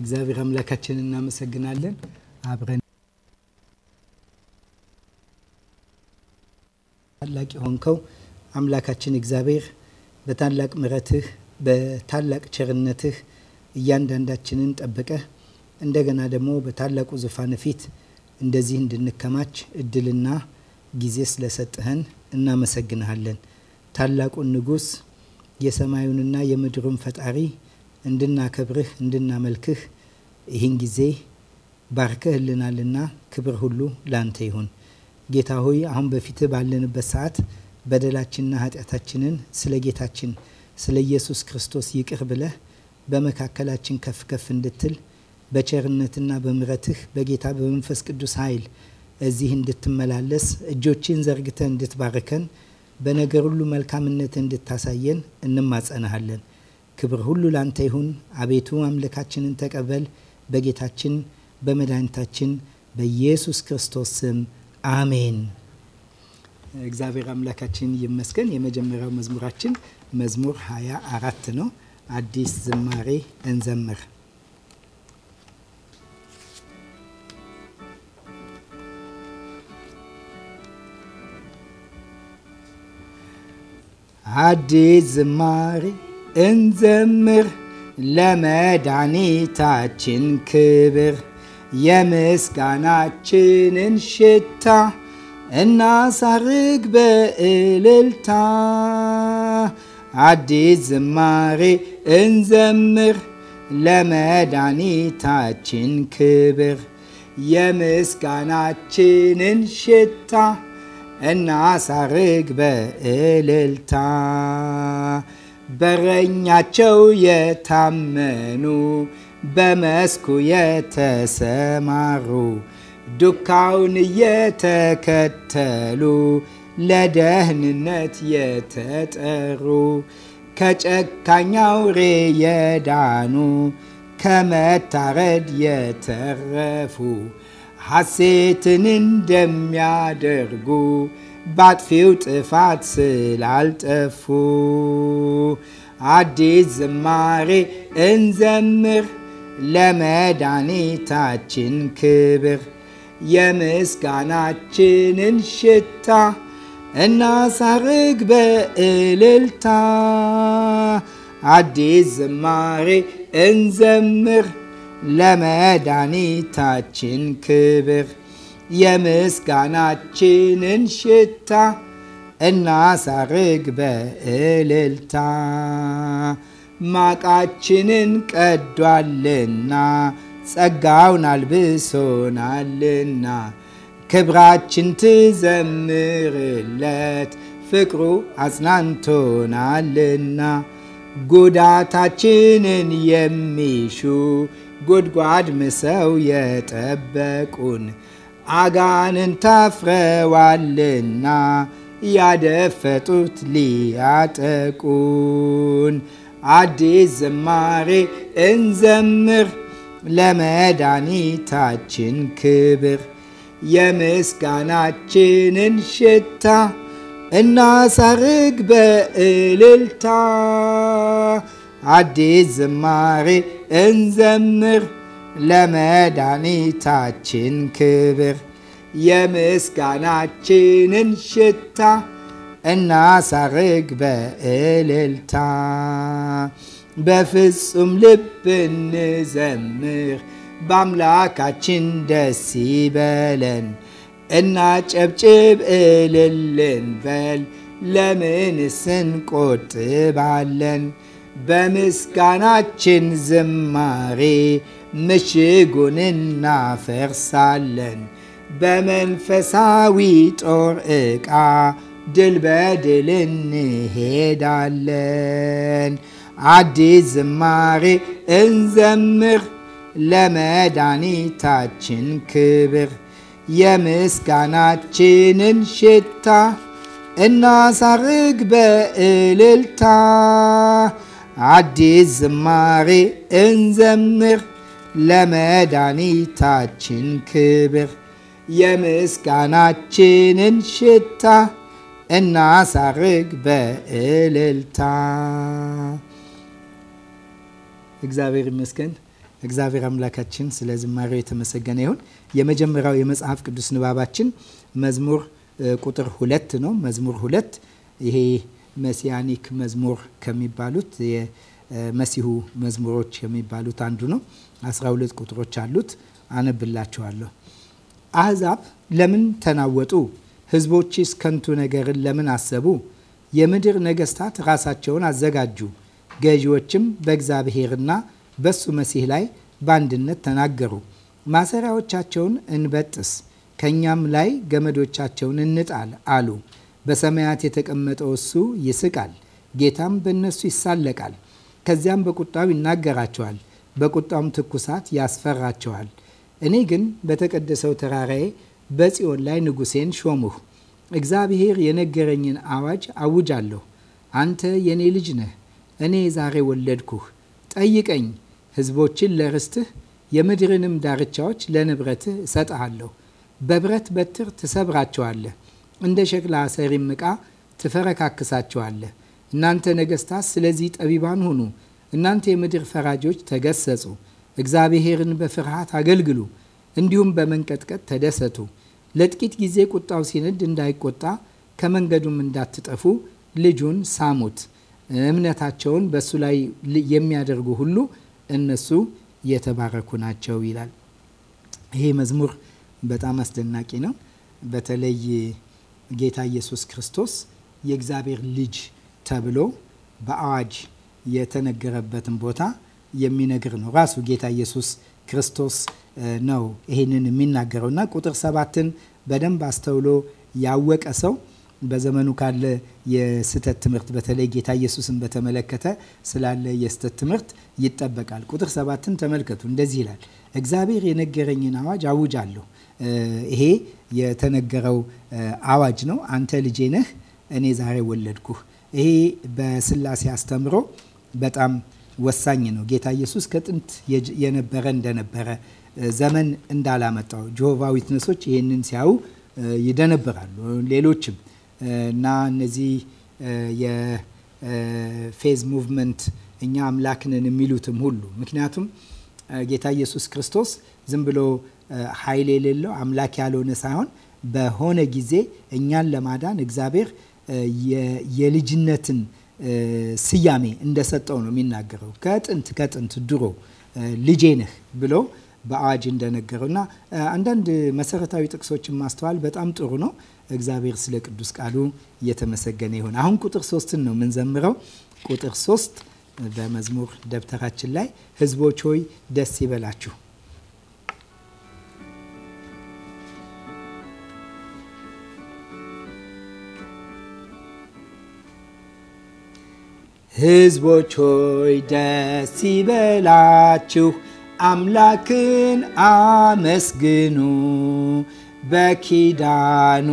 እግዚአብሔር አምላካችን እናመሰግናለን። አብረን ታላቅ የሆንከው አምላካችን እግዚአብሔር በታላቅ ምረትህ በታላቅ ቸርነትህ እያንዳንዳችንን ጠብቀህ እንደገና ደግሞ በታላቁ ዙፋን ፊት እንደዚህ እንድንከማች እድልና ጊዜ ስለሰጥህን እናመሰግንሃለን። ታላቁን ንጉስ የሰማዩንና የምድሩን ፈጣሪ እንድናከብርህ፣ እንድናመልክህ ይህን ጊዜ ባርከህልናልና ክብር ሁሉ ላንተ ይሁን። ጌታ ሆይ አሁን በፊትህ ባለንበት ሰዓት በደላችንና ኃጢአታችንን ስለ ጌታችን ስለ ኢየሱስ ክርስቶስ ይቅር ብለህ በመካከላችን ከፍ ከፍ እንድትል በቸርነትና በምረትህ በጌታ በመንፈስ ቅዱስ ኃይል እዚህ እንድትመላለስ እጆችን ዘርግተህ እንድትባርከን በነገር ሁሉ መልካምነት እንድታሳየን እንማጸናሃለን። ክብር ሁሉ ላንተ ይሁን አቤቱ፣ አምልካችንን ተቀበል። በጌታችን በመድኃኒታችን በኢየሱስ ክርስቶስ ስም አሜን። እግዚአብሔር አምላካችን ይመስገን። የመጀመሪያው መዝሙራችን መዝሙር አራት ነው። አዲስ ዝማሬ እንዘምር። አዲስ ዝማሬ እንዘምር ለመድኃኒታችን ክብር የምስጋናችንን ሽታ እናሳርግ በእልልታ አዲስ ዝማሬ እንዘምር ለመድኃኒታችን ክብር የምስጋናችንን ሽታ እናሳርግ በእልልታ በረኛቸው የታመኑ በመስኩ የተሰማሩ ዱካውን እየተከተሉ ለደህንነት የተጠሩ ከጨካኛው ሬ የዳኑ ከመታረድ የተረፉ ሐሴትን እንደሚያደርጉ ባጥፊው ጥፋት ስላልጠፉ አዲስ ዝማሬ እንዘምር ለመድኃኒታችን ክብር የምስጋናችንን ሽታ እናሳርግ በእልልታ። አዲስ ዝማሬ እንዘምር ለመድኃኒታችን ክብር የምስጋናችንን ሽታ እናሳርግ በእልልታ ማቃችንን ቀዷልና ጸጋውን አልብሶናልና ክብራችን ትዘምርለት ፍቅሩ አጽናንቶናልና ጉዳታችንን የሚሹ ጉድጓድ ምሰው የጠበቁን አጋንን ታፍረዋልና ያደፈጡት ሊያጠቁን አዲስ ዝማሬ እንዘምር ለመድኃኒታችን ክብር የምስጋናችንን ሽታ እናሳርግ በእልልታ አዲስ ዝማሬ እንዘምር ለመድኃኒታችን ክብር የምስጋናችንን ሽታ እናሳርግ በእልልታ በፍጹም ልብ እንዘምር በአምላካችን ደስ ይበለን ጨብጭብ እልል ለምን ለምንስ እንቆጥባለን በምስጋናችን ዝማሬ ምሽጉን እናፈርሳለን በመንፈሳዊ ጦር ዕቃ ድል በድል እንሄዳለን። አዲስ ዝማሬ እንዘምር ለመድኃኒታችን ክብር የምስጋናችንን ሽታ እናሳርግ በእልልታ። አዲስ ዝማሬ እንዘምር ለመድኃኒታችን ክብር የምስጋናችንን ሽታ እናሳርግ በእልልታ። እግዚአብሔር ይመስገን። እግዚአብሔር አምላካችን ስለ ዝማሬው የተመሰገነ ይሁን። የመጀመሪያው የመጽሐፍ ቅዱስ ንባባችን መዝሙር ቁጥር ሁለት ነው። መዝሙር ሁለት ይሄ መሲያኒክ መዝሙር ከሚባሉት መሲሁ መዝሙሮች የሚባሉት አንዱ ነው። 12 ቁጥሮች አሉት። አነብላችኋለሁ። አህዛብ ለምን ተናወጡ? ህዝቦች ከንቱ ነገርን ለምን አሰቡ? የምድር ነገስታት ራሳቸውን አዘጋጁ፣ ገዢዎችም በእግዚአብሔርና በሱ መሲህ ላይ በአንድነት ተናገሩ። ማሰሪያዎቻቸውን እንበጥስ፣ ከእኛም ላይ ገመዶቻቸውን እንጣል አሉ። በሰማያት የተቀመጠው እሱ ይስቃል፣ ጌታም በእነሱ ይሳለቃል። ከዚያም በቁጣው ይናገራቸዋል፣ በቁጣውም ትኩሳት ያስፈራቸዋል። እኔ ግን በተቀደሰው ተራራዬ በጽዮን ላይ ንጉሴን ሾምሁ። እግዚአብሔር የነገረኝን አዋጅ አውጃለሁ። አንተ የኔ ልጅ ነህ፣ እኔ ዛሬ ወለድኩህ። ጠይቀኝ፣ ሕዝቦችን ለርስትህ፣ የምድርንም ዳርቻዎች ለንብረትህ እሰጥሃለሁ። በብረት በትር ትሰብራቸዋለህ፣ እንደ ሸክላ ሰሪም ዕቃ ትፈረካክሳቸዋለህ። እናንተ ነገሥታት ስለዚህ ጠቢባን ሁኑ። እናንተ የምድር ፈራጆች ተገሰጹ፣ እግዚአብሔርን በፍርሃት አገልግሉ፣ እንዲሁም በመንቀጥቀጥ ተደሰቱ። ለጥቂት ጊዜ ቁጣው ሲነድ እንዳይቆጣ ከመንገዱም እንዳትጠፉ ልጁን ሳሙት። እምነታቸውን በእሱ ላይ የሚያደርጉ ሁሉ እነሱ የተባረኩ ናቸው ይላል። ይሄ መዝሙር በጣም አስደናቂ ነው። በተለይ ጌታ ኢየሱስ ክርስቶስ የእግዚአብሔር ልጅ ተብሎ በአዋጅ የተነገረበትን ቦታ የሚነግር ነው። ራሱ ጌታ ኢየሱስ ክርስቶስ ነው ይህንን የሚናገረው እና ቁጥር ሰባትን በደንብ አስተውሎ ያወቀ ሰው በዘመኑ ካለ የስህተት ትምህርት በተለይ ጌታ ኢየሱስን በተመለከተ ስላለ የስህተት ትምህርት ይጠበቃል። ቁጥር ሰባትን ተመልከቱ። እንደዚህ ይላል፣ እግዚአብሔር የነገረኝን አዋጅ አውጃለሁ። ይሄ የተነገረው አዋጅ ነው። አንተ ልጄ ነህ፣ እኔ ዛሬ ወለድኩህ ይሄ በስላሴ አስተምሮ በጣም ወሳኝ ነው። ጌታ ኢየሱስ ከጥንት የነበረ እንደነበረ ዘመን እንዳላመጣው ጆሆቫ ዊትነሶች ይህንን ሲያዩ ይደነብራሉ። ሌሎችም እና እነዚህ የፌዝ ሙቭመንት እኛ አምላክንን የሚሉትም ሁሉ ምክንያቱም ጌታ ኢየሱስ ክርስቶስ ዝም ብሎ ኃይል የሌለው አምላክ ያልሆነ ሳይሆን በሆነ ጊዜ እኛን ለማዳን እግዚአብሔር የልጅነትን ስያሜ እንደሰጠው ነው የሚናገረው። ከጥንት ከጥንት ድሮ ልጄ ነህ ብሎ በአዋጅ እንደነገረው እና አንዳንድ መሰረታዊ ጥቅሶችን ማስተዋል በጣም ጥሩ ነው። እግዚአብሔር ስለ ቅዱስ ቃሉ እየተመሰገነ ይሆን። አሁን ቁጥር ሶስትን ነው የምንዘምረው። ቁጥር ሶስት በመዝሙር ደብተራችን ላይ ህዝቦች ሆይ ደስ ይበላችሁ ሕዝቦች ሆይ ደስ ይበላችሁ፣ አምላክን አመስግኑ። በኪዳኑ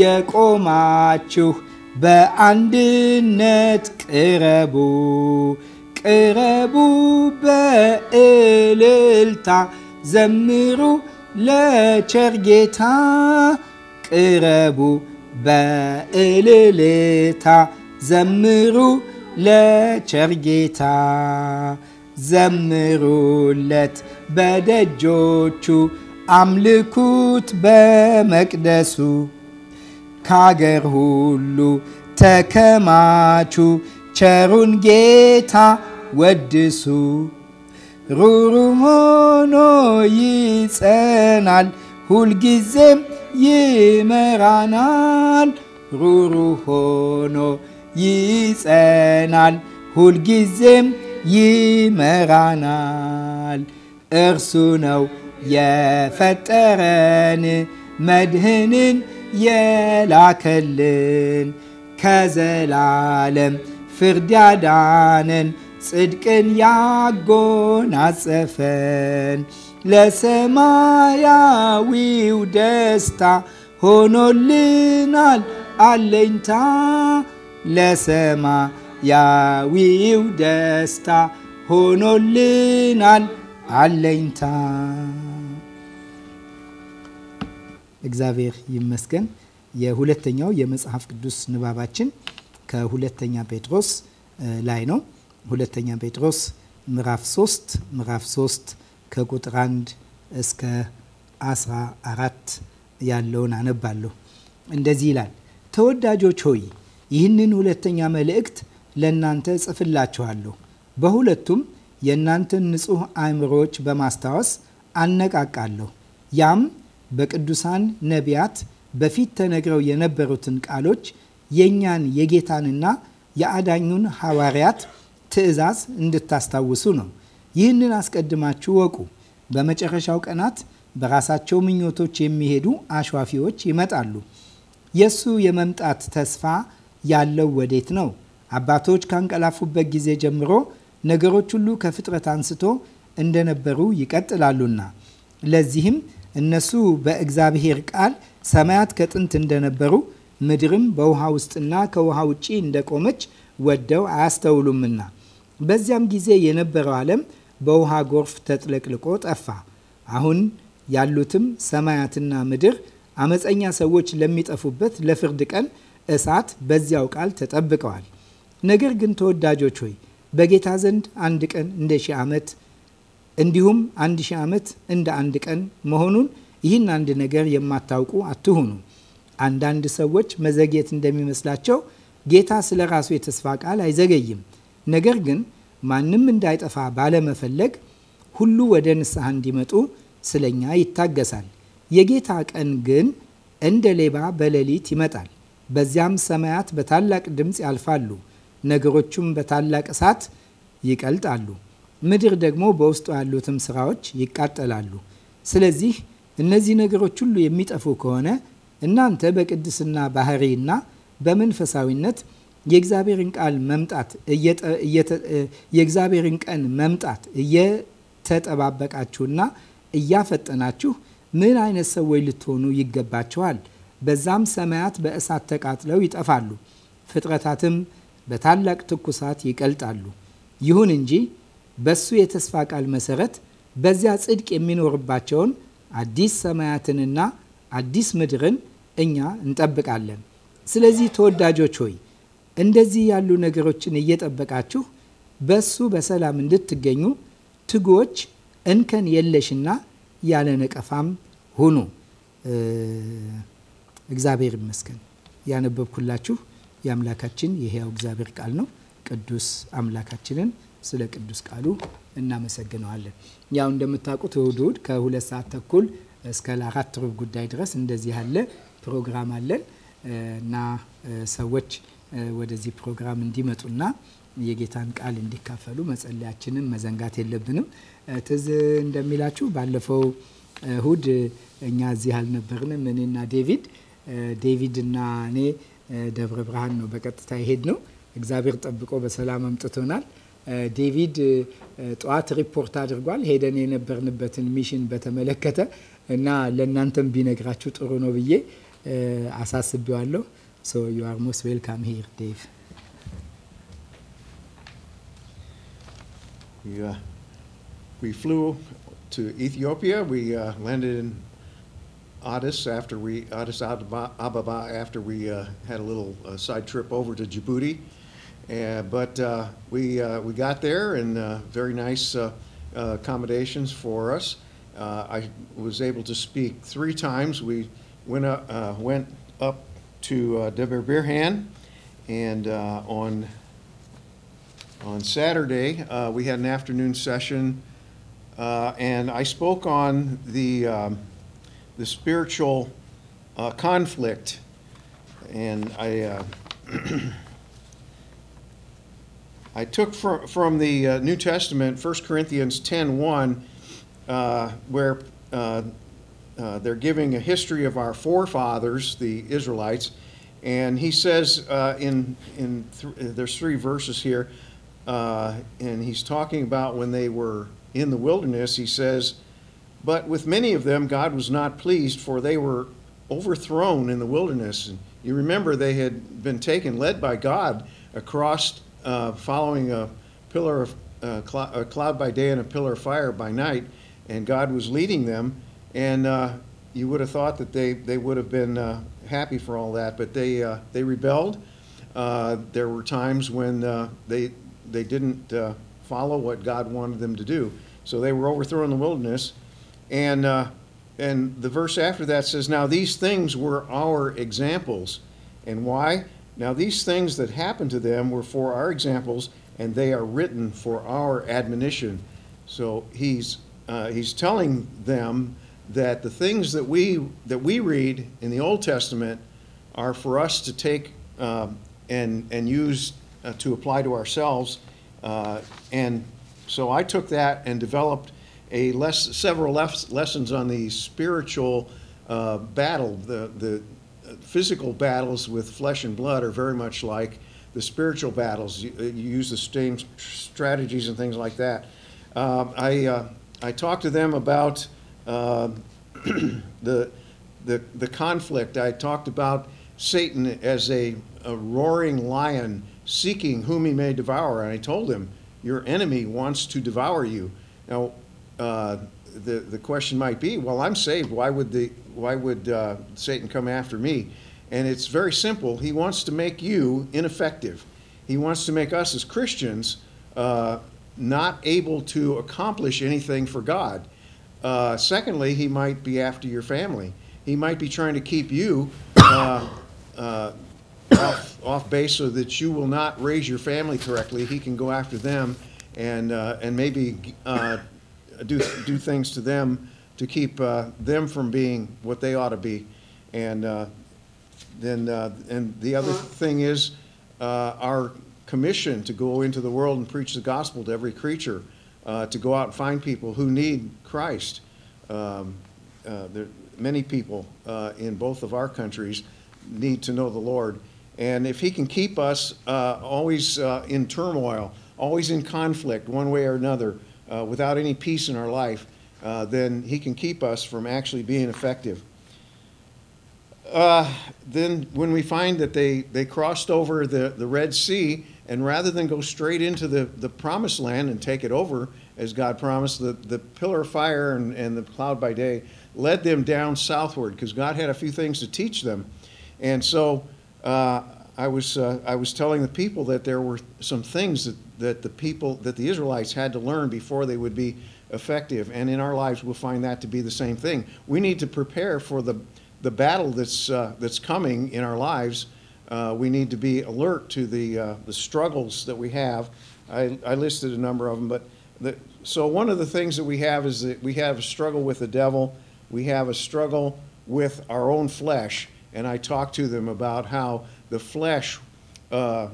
የቆማችሁ በአንድነት ቅረቡ ቅረቡ በእልልታ ዘምሩ ለቸር ጌታ ቅረቡ በእልልታ ዘምሩ ለቸር ጌታ ዘምሩለት በደጆቹ አምልኩት በመቅደሱ ካገር ሁሉ ተከማቹ ቸሩን ጌታ ወድሱ ሩሩ ሆኖ ይጸናል ሁልጊዜም ይመራናል ሩሩ ሆኖ ይጸናል፣ ሁልጊዜም ይመራናል። እርሱ ነው የፈጠረን መድህንን የላከልን ከዘላለም ፍርድ ያዳነን ጽድቅን ያጎናጸፈን ለሰማያዊው ደስታ ሆኖልናል አለኝታ ለሰማያዊው ደስታ ሆኖልናል አለኝታ። እግዚአብሔር ይመስገን። የሁለተኛው የመጽሐፍ ቅዱስ ንባባችን ከሁለተኛ ጴጥሮስ ላይ ነው። ሁለተኛ ጴጥሮስ ምዕራፍ 3 ምዕራፍ 3 ከቁጥር 1 እስከ 14 ያለውን አነባለሁ። እንደዚህ ይላል። ተወዳጆች ሆይ ይህንን ሁለተኛ መልእክት ለእናንተ ጽፍላችኋለሁ። በሁለቱም የእናንተን ንጹሕ አእምሮዎች በማስታወስ አነቃቃለሁ። ያም በቅዱሳን ነቢያት በፊት ተነግረው የነበሩትን ቃሎች የእኛን የጌታንና የአዳኙን ሐዋርያት ትእዛዝ እንድታስታውሱ ነው። ይህንን አስቀድማችሁ ወቁ። በመጨረሻው ቀናት በራሳቸው ምኞቶች የሚሄዱ አሿፊዎች ይመጣሉ። የእሱ የመምጣት ተስፋ ያለው ወዴት ነው? አባቶች ካንቀላፉበት ጊዜ ጀምሮ ነገሮች ሁሉ ከፍጥረት አንስቶ እንደነበሩ ይቀጥላሉና ለዚህም እነሱ በእግዚአብሔር ቃል ሰማያት ከጥንት እንደነበሩ ምድርም በውሃ ውስጥና ከውሃ ውጪ እንደቆመች ወደው አያስተውሉምና በዚያም ጊዜ የነበረው ዓለም በውሃ ጎርፍ ተጥለቅልቆ ጠፋ። አሁን ያሉትም ሰማያትና ምድር አመፀኛ ሰዎች ለሚጠፉበት ለፍርድ ቀን እሳት በዚያው ቃል ተጠብቀዋል። ነገር ግን ተወዳጆች ሆይ በጌታ ዘንድ አንድ ቀን እንደ ሺህ ዓመት እንዲሁም አንድ ሺህ ዓመት እንደ አንድ ቀን መሆኑን ይህን አንድ ነገር የማታውቁ አትሁኑ። አንዳንድ ሰዎች መዘግየት እንደሚመስላቸው ጌታ ስለ ራሱ የተስፋ ቃል አይዘገይም። ነገር ግን ማንም እንዳይጠፋ ባለመፈለግ ሁሉ ወደ ንስሐ እንዲመጡ ስለኛ ይታገሳል። የጌታ ቀን ግን እንደ ሌባ በሌሊት ይመጣል። በዚያም ሰማያት በታላቅ ድምፅ ያልፋሉ፣ ነገሮቹም በታላቅ እሳት ይቀልጣሉ፣ ምድር ደግሞ በውስጡ ያሉትም ስራዎች ይቃጠላሉ። ስለዚህ እነዚህ ነገሮች ሁሉ የሚጠፉ ከሆነ እናንተ በቅድስና ባህሪና በመንፈሳዊነት የእግዚአብሔርን ቃል መምጣት የእግዚአብሔርን ቀን መምጣት እየተጠባበቃችሁና እያፈጠናችሁ ምን አይነት ሰዎች ልትሆኑ ይገባችኋል? በዛም ሰማያት በእሳት ተቃጥለው ይጠፋሉ፣ ፍጥረታትም በታላቅ ትኩሳት ይቀልጣሉ። ይሁን እንጂ በሱ የተስፋ ቃል መሰረት በዚያ ጽድቅ የሚኖርባቸውን አዲስ ሰማያትንና አዲስ ምድርን እኛ እንጠብቃለን። ስለዚህ ተወዳጆች ሆይ እንደዚህ ያሉ ነገሮችን እየጠበቃችሁ በሱ በሰላም እንድትገኙ ትጉዎች፣ እንከን የለሽና ያለ ነቀፋም ሁኑ። እግዚአብሔር ይመስገን። ያነበብኩላችሁ የአምላካችን የህያው እግዚአብሔር ቃል ነው። ቅዱስ አምላካችንን ስለ ቅዱስ ቃሉ እናመሰግነዋለን። ያው እንደምታውቁት እሁድ እሁድ ከሁለት ሰዓት ተኩል እስከ ለአራት ሩብ ጉዳይ ድረስ እንደዚህ ያለ ፕሮግራም አለን እና ሰዎች ወደዚህ ፕሮግራም እንዲመጡና የጌታን ቃል እንዲካፈሉ መጸለያችንን መዘንጋት የለብንም። ትዝ እንደሚላችሁ ባለፈው እሁድ እኛ እዚህ አልነበርንም። እኔና ዴቪድ ዴቪድ እና እኔ ደብረ ብርሃን ነው በቀጥታ የሄድ ነው። እግዚአብሔር ጠብቆ በሰላም አምጥቶናል። ዴቪድ ጠዋት ሪፖርት አድርጓል ሄደን የነበርንበትን ሚሽን በተመለከተ እና ለእናንተም ቢነግራችሁ ጥሩ ነው ብዬ አሳስቤዋለሁ። ሶ ዩ አር ሞስት ዌልካም ሂር ዴቭ። uh, We flew to Ethiopia. We uh, landed in Addis after we Addis Ababa after we uh, had a little uh, side trip over to Djibouti, uh, but we uh, we got there and uh, very nice uh, accommodations for us. I was able to speak three times. We went up went up to uh, Deber Birhan, and on on Saturday we had an afternoon session, and I spoke on the. Um, the spiritual uh, conflict. And I, uh, I took from, from the uh, New Testament, 1 Corinthians 10 1, uh, where uh, uh, they're giving a history of our forefathers, the Israelites. And he says in, in th- there's three verses here, and he's talking about when they were in the wilderness, he says, but with many of them, God was not pleased, for they were overthrown in the wilderness. And you remember they had been taken, led by God, across uh, following a pillar of uh, cl- a cloud by day and a pillar of fire by night, and God was leading them. And uh, you would have thought that they, they would have been uh, happy for all that, but they uh, they rebelled. Uh, there were times when they they didn't follow what God wanted them to do, so they were overthrown in the wilderness. And, uh, and the verse after that says, Now these things were our examples. And why? Now these things that happened to them were for our examples, and they are written for our admonition. So he's, uh, he's telling them that the things that we, that we read in the Old Testament are for us to take um, and, and use uh, to apply to ourselves. Uh, and so I took that and developed a less, several lessons on the spiritual uh, battle. The, the physical battles with flesh and blood are very much like the spiritual battles. You, uh, you use the same strategies and things like that. Um, I, uh, I talked to them about uh, the, the, the conflict. I talked about Satan as a, a roaring lion seeking whom he may devour. And I told him, Your enemy wants to devour you. Now, uh, the, the question might be, well, I'm saved. Why would, the, why would uh, Satan come after me? And it's very simple. He wants to make you ineffective. He wants to make us as Christians uh, not able to accomplish anything for God. Uh, secondly, he might be after your family. He might be trying to keep you uh, uh off, off, base so that you will not raise your family correctly. He can go after them and, uh, and maybe do, do things to them to keep uh, them from being what they ought to be. And uh, then, uh, and the other thing is uh, our commission to go into the world and preach the gospel to every creature, uh, to go out and find people who need Christ. Um, uh, there, many people in both of our countries need to know the Lord. And if He can keep us always in turmoil, always in conflict, one way or another, uh, without any peace in our life, uh, then he can keep us from actually being effective. Uh, then, when we find that they, they crossed over the, the Red Sea, and rather than go straight into the, the promised land and take it over, as God promised, the, the pillar of fire and, and the cloud by day led them down southward because God had a few things to teach them. And so, uh, I was, uh, I was telling the people that there were some things that, that the people, that the Israelites had to learn before they would be effective. And in our lives, we'll find that to be the same thing. We need to prepare for the, the battle that's, uh, that's coming in our lives. Uh, we need to be alert to the, uh, the struggles that we have. I, I listed a number of them, but the, so one of the things that we have is that we have a struggle with the devil, we have a struggle with our own flesh, and I talked to them about how the flesh uh,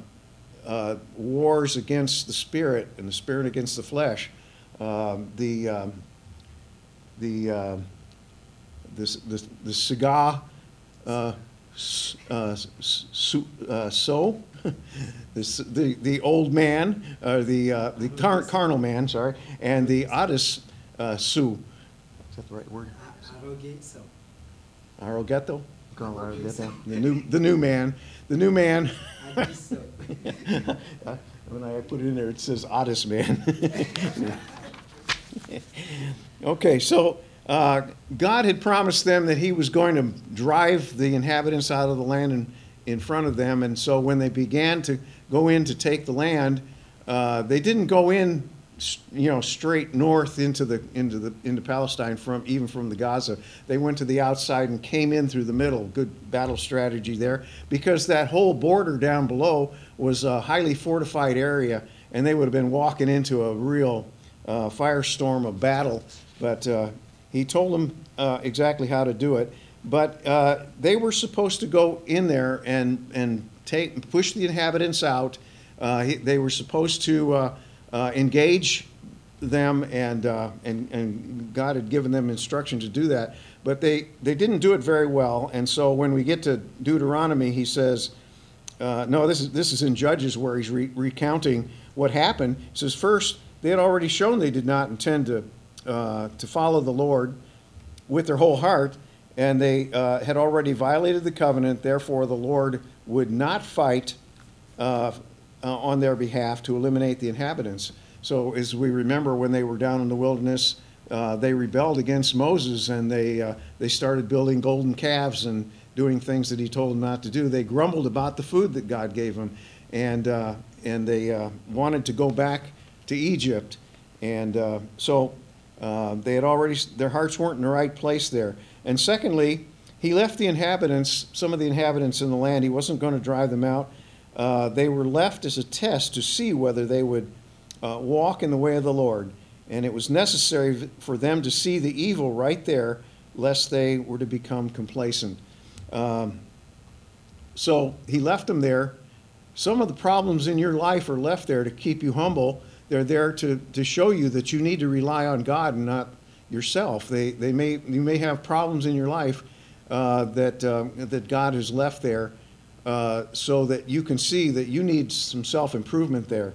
uh, wars against the spirit and the spirit against the flesh. Um, the um, the, uh, the cigar uh, uh, su- uh, so the the old man uh, the uh, the car- carnal man sorry and the otis uh, su is that the right word? Arrogato. Arrogato. The new, the new man, the new man. When I put it in there, it says oddest man. Okay, so uh, God had promised them that he was going to drive the inhabitants out of the land in, in front of them. And so when they began to go in to take the land, uh, they didn't go in you know, straight north into the into the into Palestine from even from the Gaza. They went to the outside and came in through the middle. Good battle strategy there, because that whole border down below was a highly fortified area, and they would have been walking into a real uh, firestorm of battle. But uh, he told them uh, exactly how to do it. But uh, they were supposed to go in there and and take push the inhabitants out. Uh, he, they were supposed to uh, uh, engage them, and, uh, and, and God had given them instruction to do that. But they, they didn't do it very well, and so when we get to Deuteronomy, he says, uh, no, this is, this is in Judges where he's re- recounting what happened. He says, first, they had already shown they did not intend to, uh, to follow the Lord with their whole heart, and they uh, had already violated the covenant. Therefore, the Lord would not fight uh, uh, on their behalf to eliminate the inhabitants. So, as we remember, when they were down in the wilderness, uh, they rebelled against Moses and they, uh, they started building golden calves and doing things that he told them not to do. They grumbled about the food that God gave them and, uh, and they uh, wanted to go back to Egypt. And uh, so they had already, their hearts weren't in the right place there. And secondly, he left the inhabitants, some of the inhabitants in the land, he wasn't going to drive them out uh, they were left as a test to see whether they would uh, walk in the way of the Lord. And it was necessary for them to see the evil right there, lest they were to become complacent. Um, so he left them there. Some of the problems in your life are left there to keep you humble. They're there to, to show you that you need to rely on God and not yourself. They, they may, you may have problems in your life uh, that, uh, that God has left there uh, so that you can see that you need some self improvement there.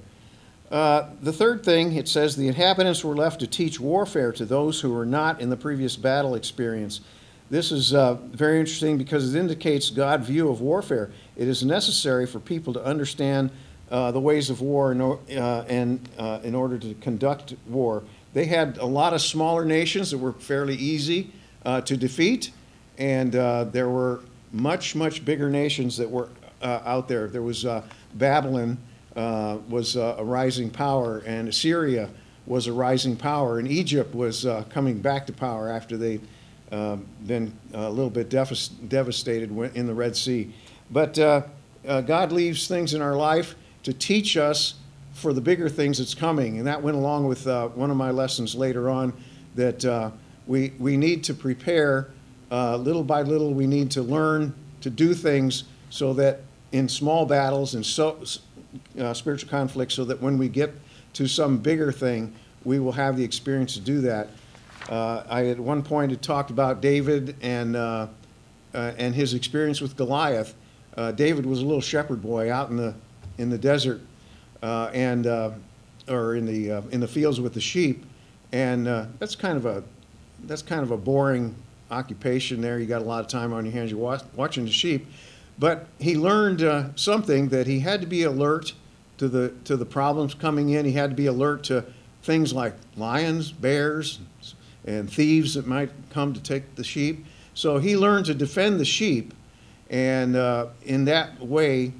Uh, the third thing, it says the inhabitants were left to teach warfare to those who were not in the previous battle experience. This is uh, very interesting because it indicates God's view of warfare. It is necessary for people to understand uh, the ways of war in or, uh, and in order to conduct war. They had a lot of smaller nations that were fairly easy to defeat, and there were much, much bigger nations that were uh, out there. There was uh, Babylon uh, was uh, a rising power, and Assyria was a rising power, and Egypt was uh, coming back to power after they um, been a little bit devastated in the Red Sea. But God leaves things in our life to teach us for the bigger things that's coming, and that went along with one of my lessons later on that we we need to prepare uh, little by little, we need to learn to do things so that in small battles and so, uh, spiritual conflicts, so that when we get to some bigger thing, we will have the experience to do that. Uh, I at one point had talked about David and uh, uh, and his experience with Goliath. Uh, David was a little shepherd boy out in the in the desert and or in the in the fields with the sheep, and that's kind of a that's kind of a boring occupation there. You got a lot of time on your hands. You're watch, watching the sheep. But he learned uh, something that he had to be alert to the, to the problems coming in. He had to be alert to things like lions, bears, and thieves that might come to take the sheep. So he learned to defend the sheep. And uh, in that way,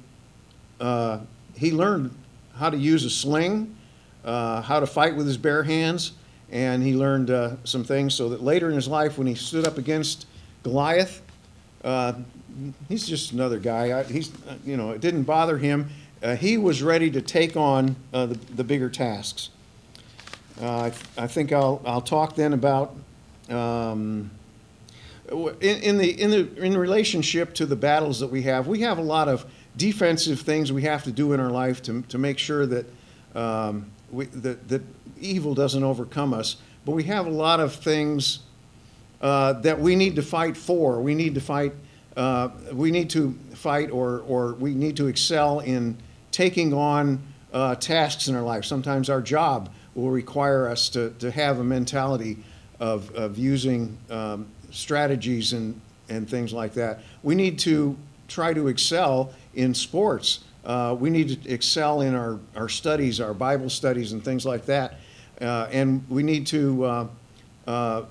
uh, he learned how to use a sling, uh, how to fight with his bare hands and he learned uh, some things so that later in his life, when he stood up against Goliath, uh, he's just another guy. I, he's, uh, you know, it didn't bother him. Uh, he was ready to take on uh, the, the, bigger tasks. Uh, I, I, think I'll, I'll talk then about um, in, in, the, in, the, in relationship to the battles that we have, we have a lot of defensive things we have to do in our life to, to make sure that, um, we, that, that evil doesn't overcome us, but we have a lot of things uh, that we need to fight for. We need to fight. Uh, we need to fight, or or we need to excel in taking on uh, tasks in our life. Sometimes our job will require us to to have a mentality of of using um, strategies and and things like that. We need to try to excel in sports. Uh, we need to excel in our, our studies, our Bible studies, and things like that uh, and we need to uh, uh,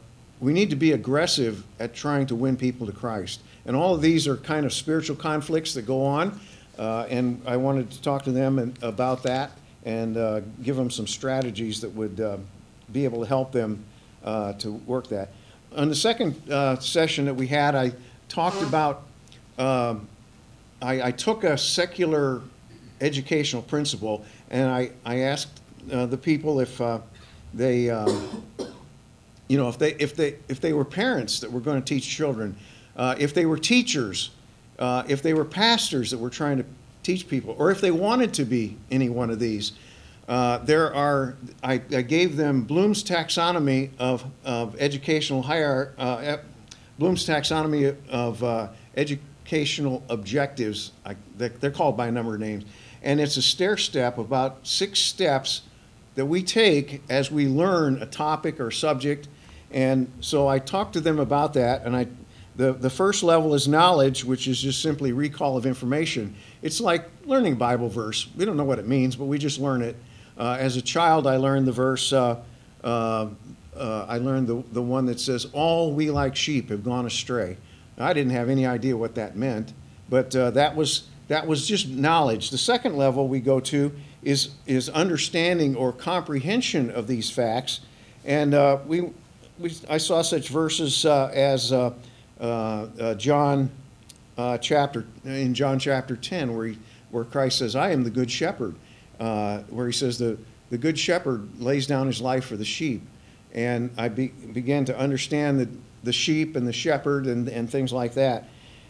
we need to be aggressive at trying to win people to Christ. And all of these are kind of spiritual conflicts that go on. Uh, and I wanted to talk to them and, about that and uh, give them some strategies that would uh, be able to help them to work that. On the second session that we had, I talked about um, I, I took a secular educational principle and I, I asked uh, the people if uh, they, um, you know, if they, if, they, if they were parents that were going to teach children, uh, if they were teachers, uh, if they were pastors that were trying to teach people, or if they wanted to be any one of these, uh, there are, I, I, gave them Bloom's taxonomy of, of educational higher uh, Bloom's taxonomy of uh, educational objectives. I, they're called by a number of names. And it's a stair step, about six steps that we take as we learn a topic or subject. And so I talked to them about that, and I, the, the first level is knowledge, which is just simply recall of information. It's like learning Bible verse. We don't know what it means, but we just learn it. Uh, as a child, I learned the verse, uh, uh, uh I learned the, the one that says, All we like sheep have gone astray. I didn't have any idea what that meant, but uh, that, was, that was just knowledge. The second level we go to is, is understanding or comprehension of these facts. And uh, we, we, I saw such verses uh, as uh, uh, uh John uh, chapter in John chapter 10, where he, where Christ says, "I am the good shepherd," where he says the the good shepherd lays down his life for the sheep. And I be, began to understand the, the sheep and the shepherd and, and things like that.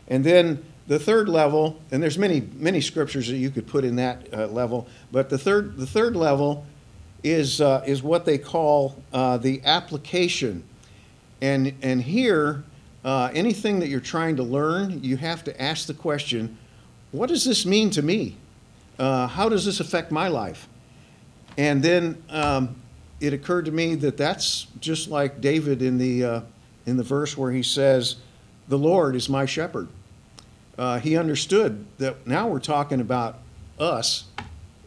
And then the third level, and there's many many scriptures that you could put in that uh, level, but the third the third level is uh, is what they call uh, the application, and and here uh, anything that you're trying to learn, you have to ask the question, what does this mean to me? Uh, how does this affect my life? And then um, it occurred to me that that's just like David in the uh, in the verse where he says, "The Lord is my shepherd." uh, he understood that now we're talking about us.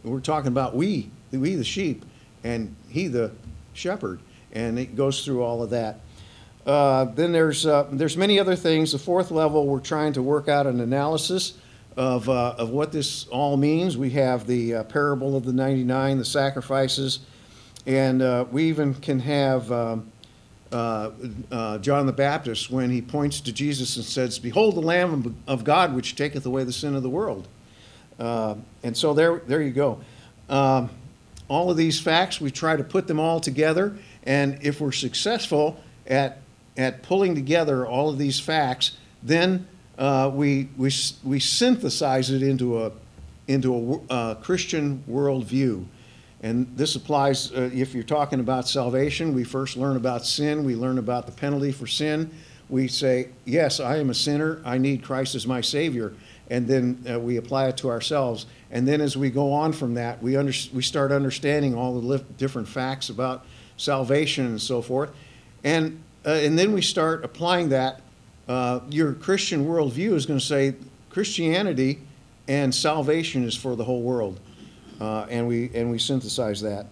We're talking about we, we the sheep, and he the shepherd. And it goes through all of that. Uh, then there's, uh, there's many other things. The fourth level, we're trying to work out an analysis of, uh, of what this all means. We have the uh, parable of the 99, the sacrifices, and uh, we even can have. Um, uh, uh, John the Baptist when he points to Jesus and says, Behold the Lamb of God which taketh away the sin of the world. Uh, and so there, there you go. Um, all of these facts, we try to put them all together, and if we're successful at, at pulling together all of these facts, then uh, we, we, we synthesize it into a, into a Christian worldview. And this applies uh, if you're talking about salvation, we first learn about sin, we learn about the penalty for sin. We say, Yes, I am a sinner, I need Christ as my Savior. And then uh, we apply it to ourselves. And then as we go on from that, we, under- we start understanding all the li- different facts about salvation and so forth. And, uh, and then we start applying that. Uh, your Christian worldview is going to say Christianity and salvation is for the whole world uh, and we and we synthesize that.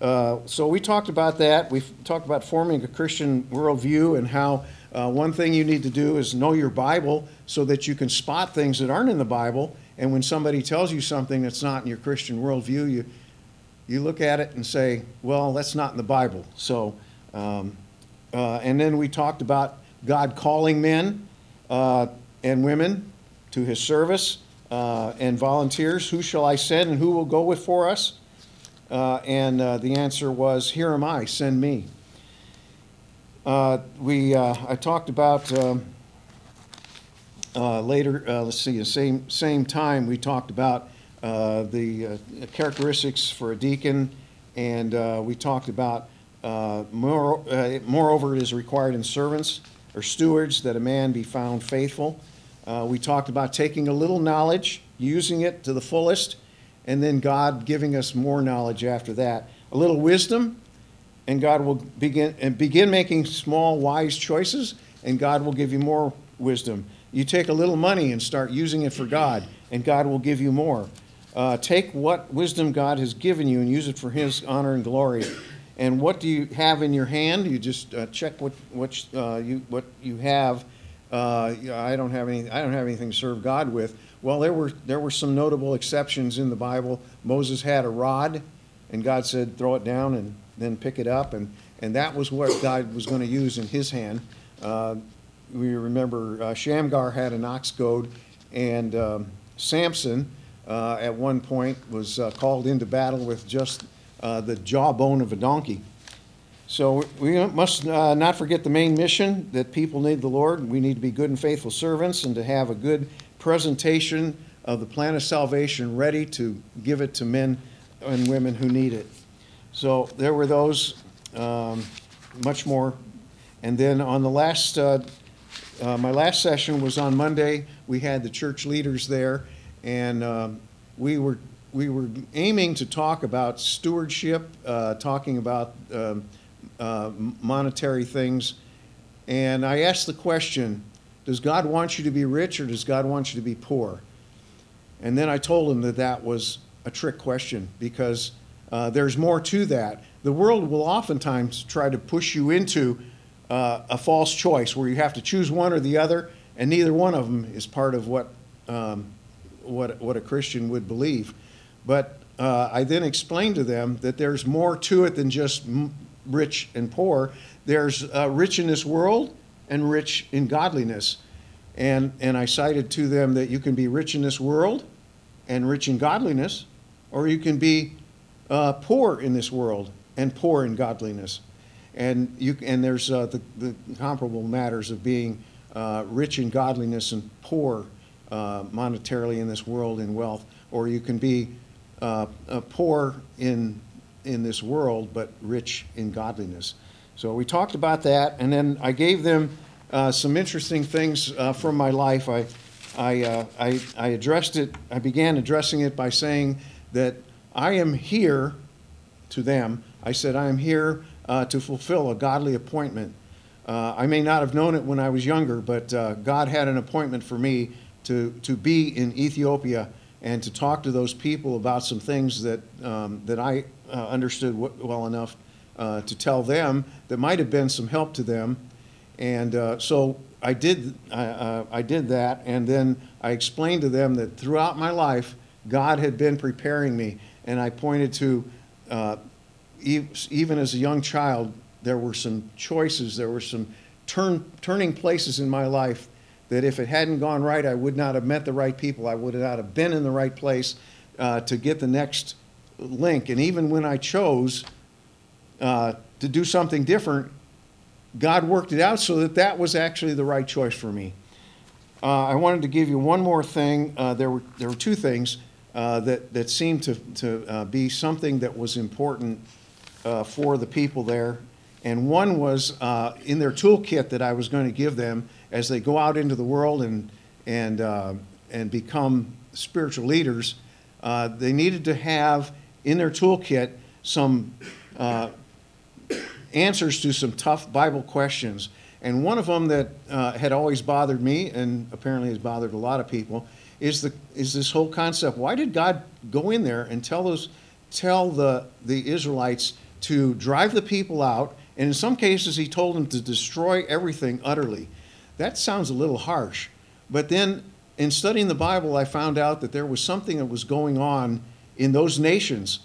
Uh, so we talked about that. We talked about forming a Christian worldview and how uh, one thing you need to do is know your Bible so that you can spot things that aren't in the Bible. And when somebody tells you something that's not in your Christian worldview, you you look at it and say, "Well, that's not in the Bible." So, um, uh, and then we talked about God calling men uh, and women to His service uh, and volunteers, who shall I send and who will go with for us? Uh, and uh, the answer was, Here am I, send me. Uh, we, uh, I talked about um, uh, later, let's see, the same, same time we talked about the characteristics for a deacon, and we talked about, more, moreover, it is required in servants or stewards that a man be found faithful. Uh, we talked about taking a little knowledge, using it to the fullest, and then God giving us more knowledge after that. A little wisdom, and God will begin and begin making small wise choices, and God will give you more wisdom. You take a little money and start using it for God, and God will give you more. Uh, take what wisdom God has given you and use it for His honor and glory. And what do you have in your hand? You just uh, check what what uh, you what you have uh, you know, I don't have any, I don't have anything to serve God with. Well, there were there were some notable exceptions in the Bible. Moses had a rod, and God said, "Throw it down and then pick it up," and and that was what God was going to use in His hand. Uh, we remember uh, Shamgar had an ox goad, and um, Samson uh, at one point was uh, called into battle with just the jawbone of a donkey. So we must uh, not forget the main mission that people need the Lord. We need to be good and faithful servants and to have a good presentation of the plan of salvation ready to give it to men and women who need it. So there were those, um, much more. And then on the last, uh, uh, my last session was on Monday. We had the church leaders there, and um, we were we were aiming to talk about stewardship, uh, talking about um, uh, monetary things. And I asked the question Does God want you to be rich or does God want you to be poor? And then I told him that that was a trick question because uh, there's more to that. The world will oftentimes try to push you into uh, a false choice where you have to choose one or the other, and neither one of them is part of what, um, what, what a Christian would believe. But uh, I then explained to them that there's more to it than just m- rich and poor. There's uh, rich in this world and rich in godliness. And, and I cited to them that you can be rich in this world and rich in godliness, or you can be uh, poor in this world and poor in godliness. And, you, and there's uh, the, the comparable matters of being uh, rich in godliness and poor uh, monetarily in this world in wealth, or you can be uh, poor in in this world, but rich in godliness. So we talked about that, and then I gave them uh, some interesting things uh, from my life. I, I, uh, I, I addressed it, I began addressing it by saying that I am here to them. I said, I am here uh, to fulfill a godly appointment. Uh, I may not have known it when I was younger, but uh, God had an appointment for me to, to be in Ethiopia and to talk to those people about some things that, um, that I uh, understood well enough uh, to tell them that might have been some help to them. And uh, so I did, I, uh, I did that, and then I explained to them that throughout my life, God had been preparing me. And I pointed to, uh, e- even as a young child, there were some choices, there were some turn, turning places in my life that if it hadn't gone right, I would not have met the right people, I would not have been in the right place uh, to get the next link. And even when I chose uh, to do something different, God worked it out so that that was actually the right choice for me. Uh, I wanted to give you one more thing. Uh, there, were, there were two things uh, that, that seemed to, to uh, be something that was important uh, for the people there. And one was in their toolkit that I was going to give them as they go out into the world and, and, and become spiritual leaders. they needed to have in their toolkit some uh, answers to some tough Bible questions. And one of them that uh, had always bothered me, and apparently has bothered a lot of people, is the is this whole concept. Why did God go in there and tell those tell the the Israelites to drive the people out? And in some cases, He told them to destroy everything utterly. That sounds a little harsh, but then in studying the Bible, I found out that there was something that was going on in those nations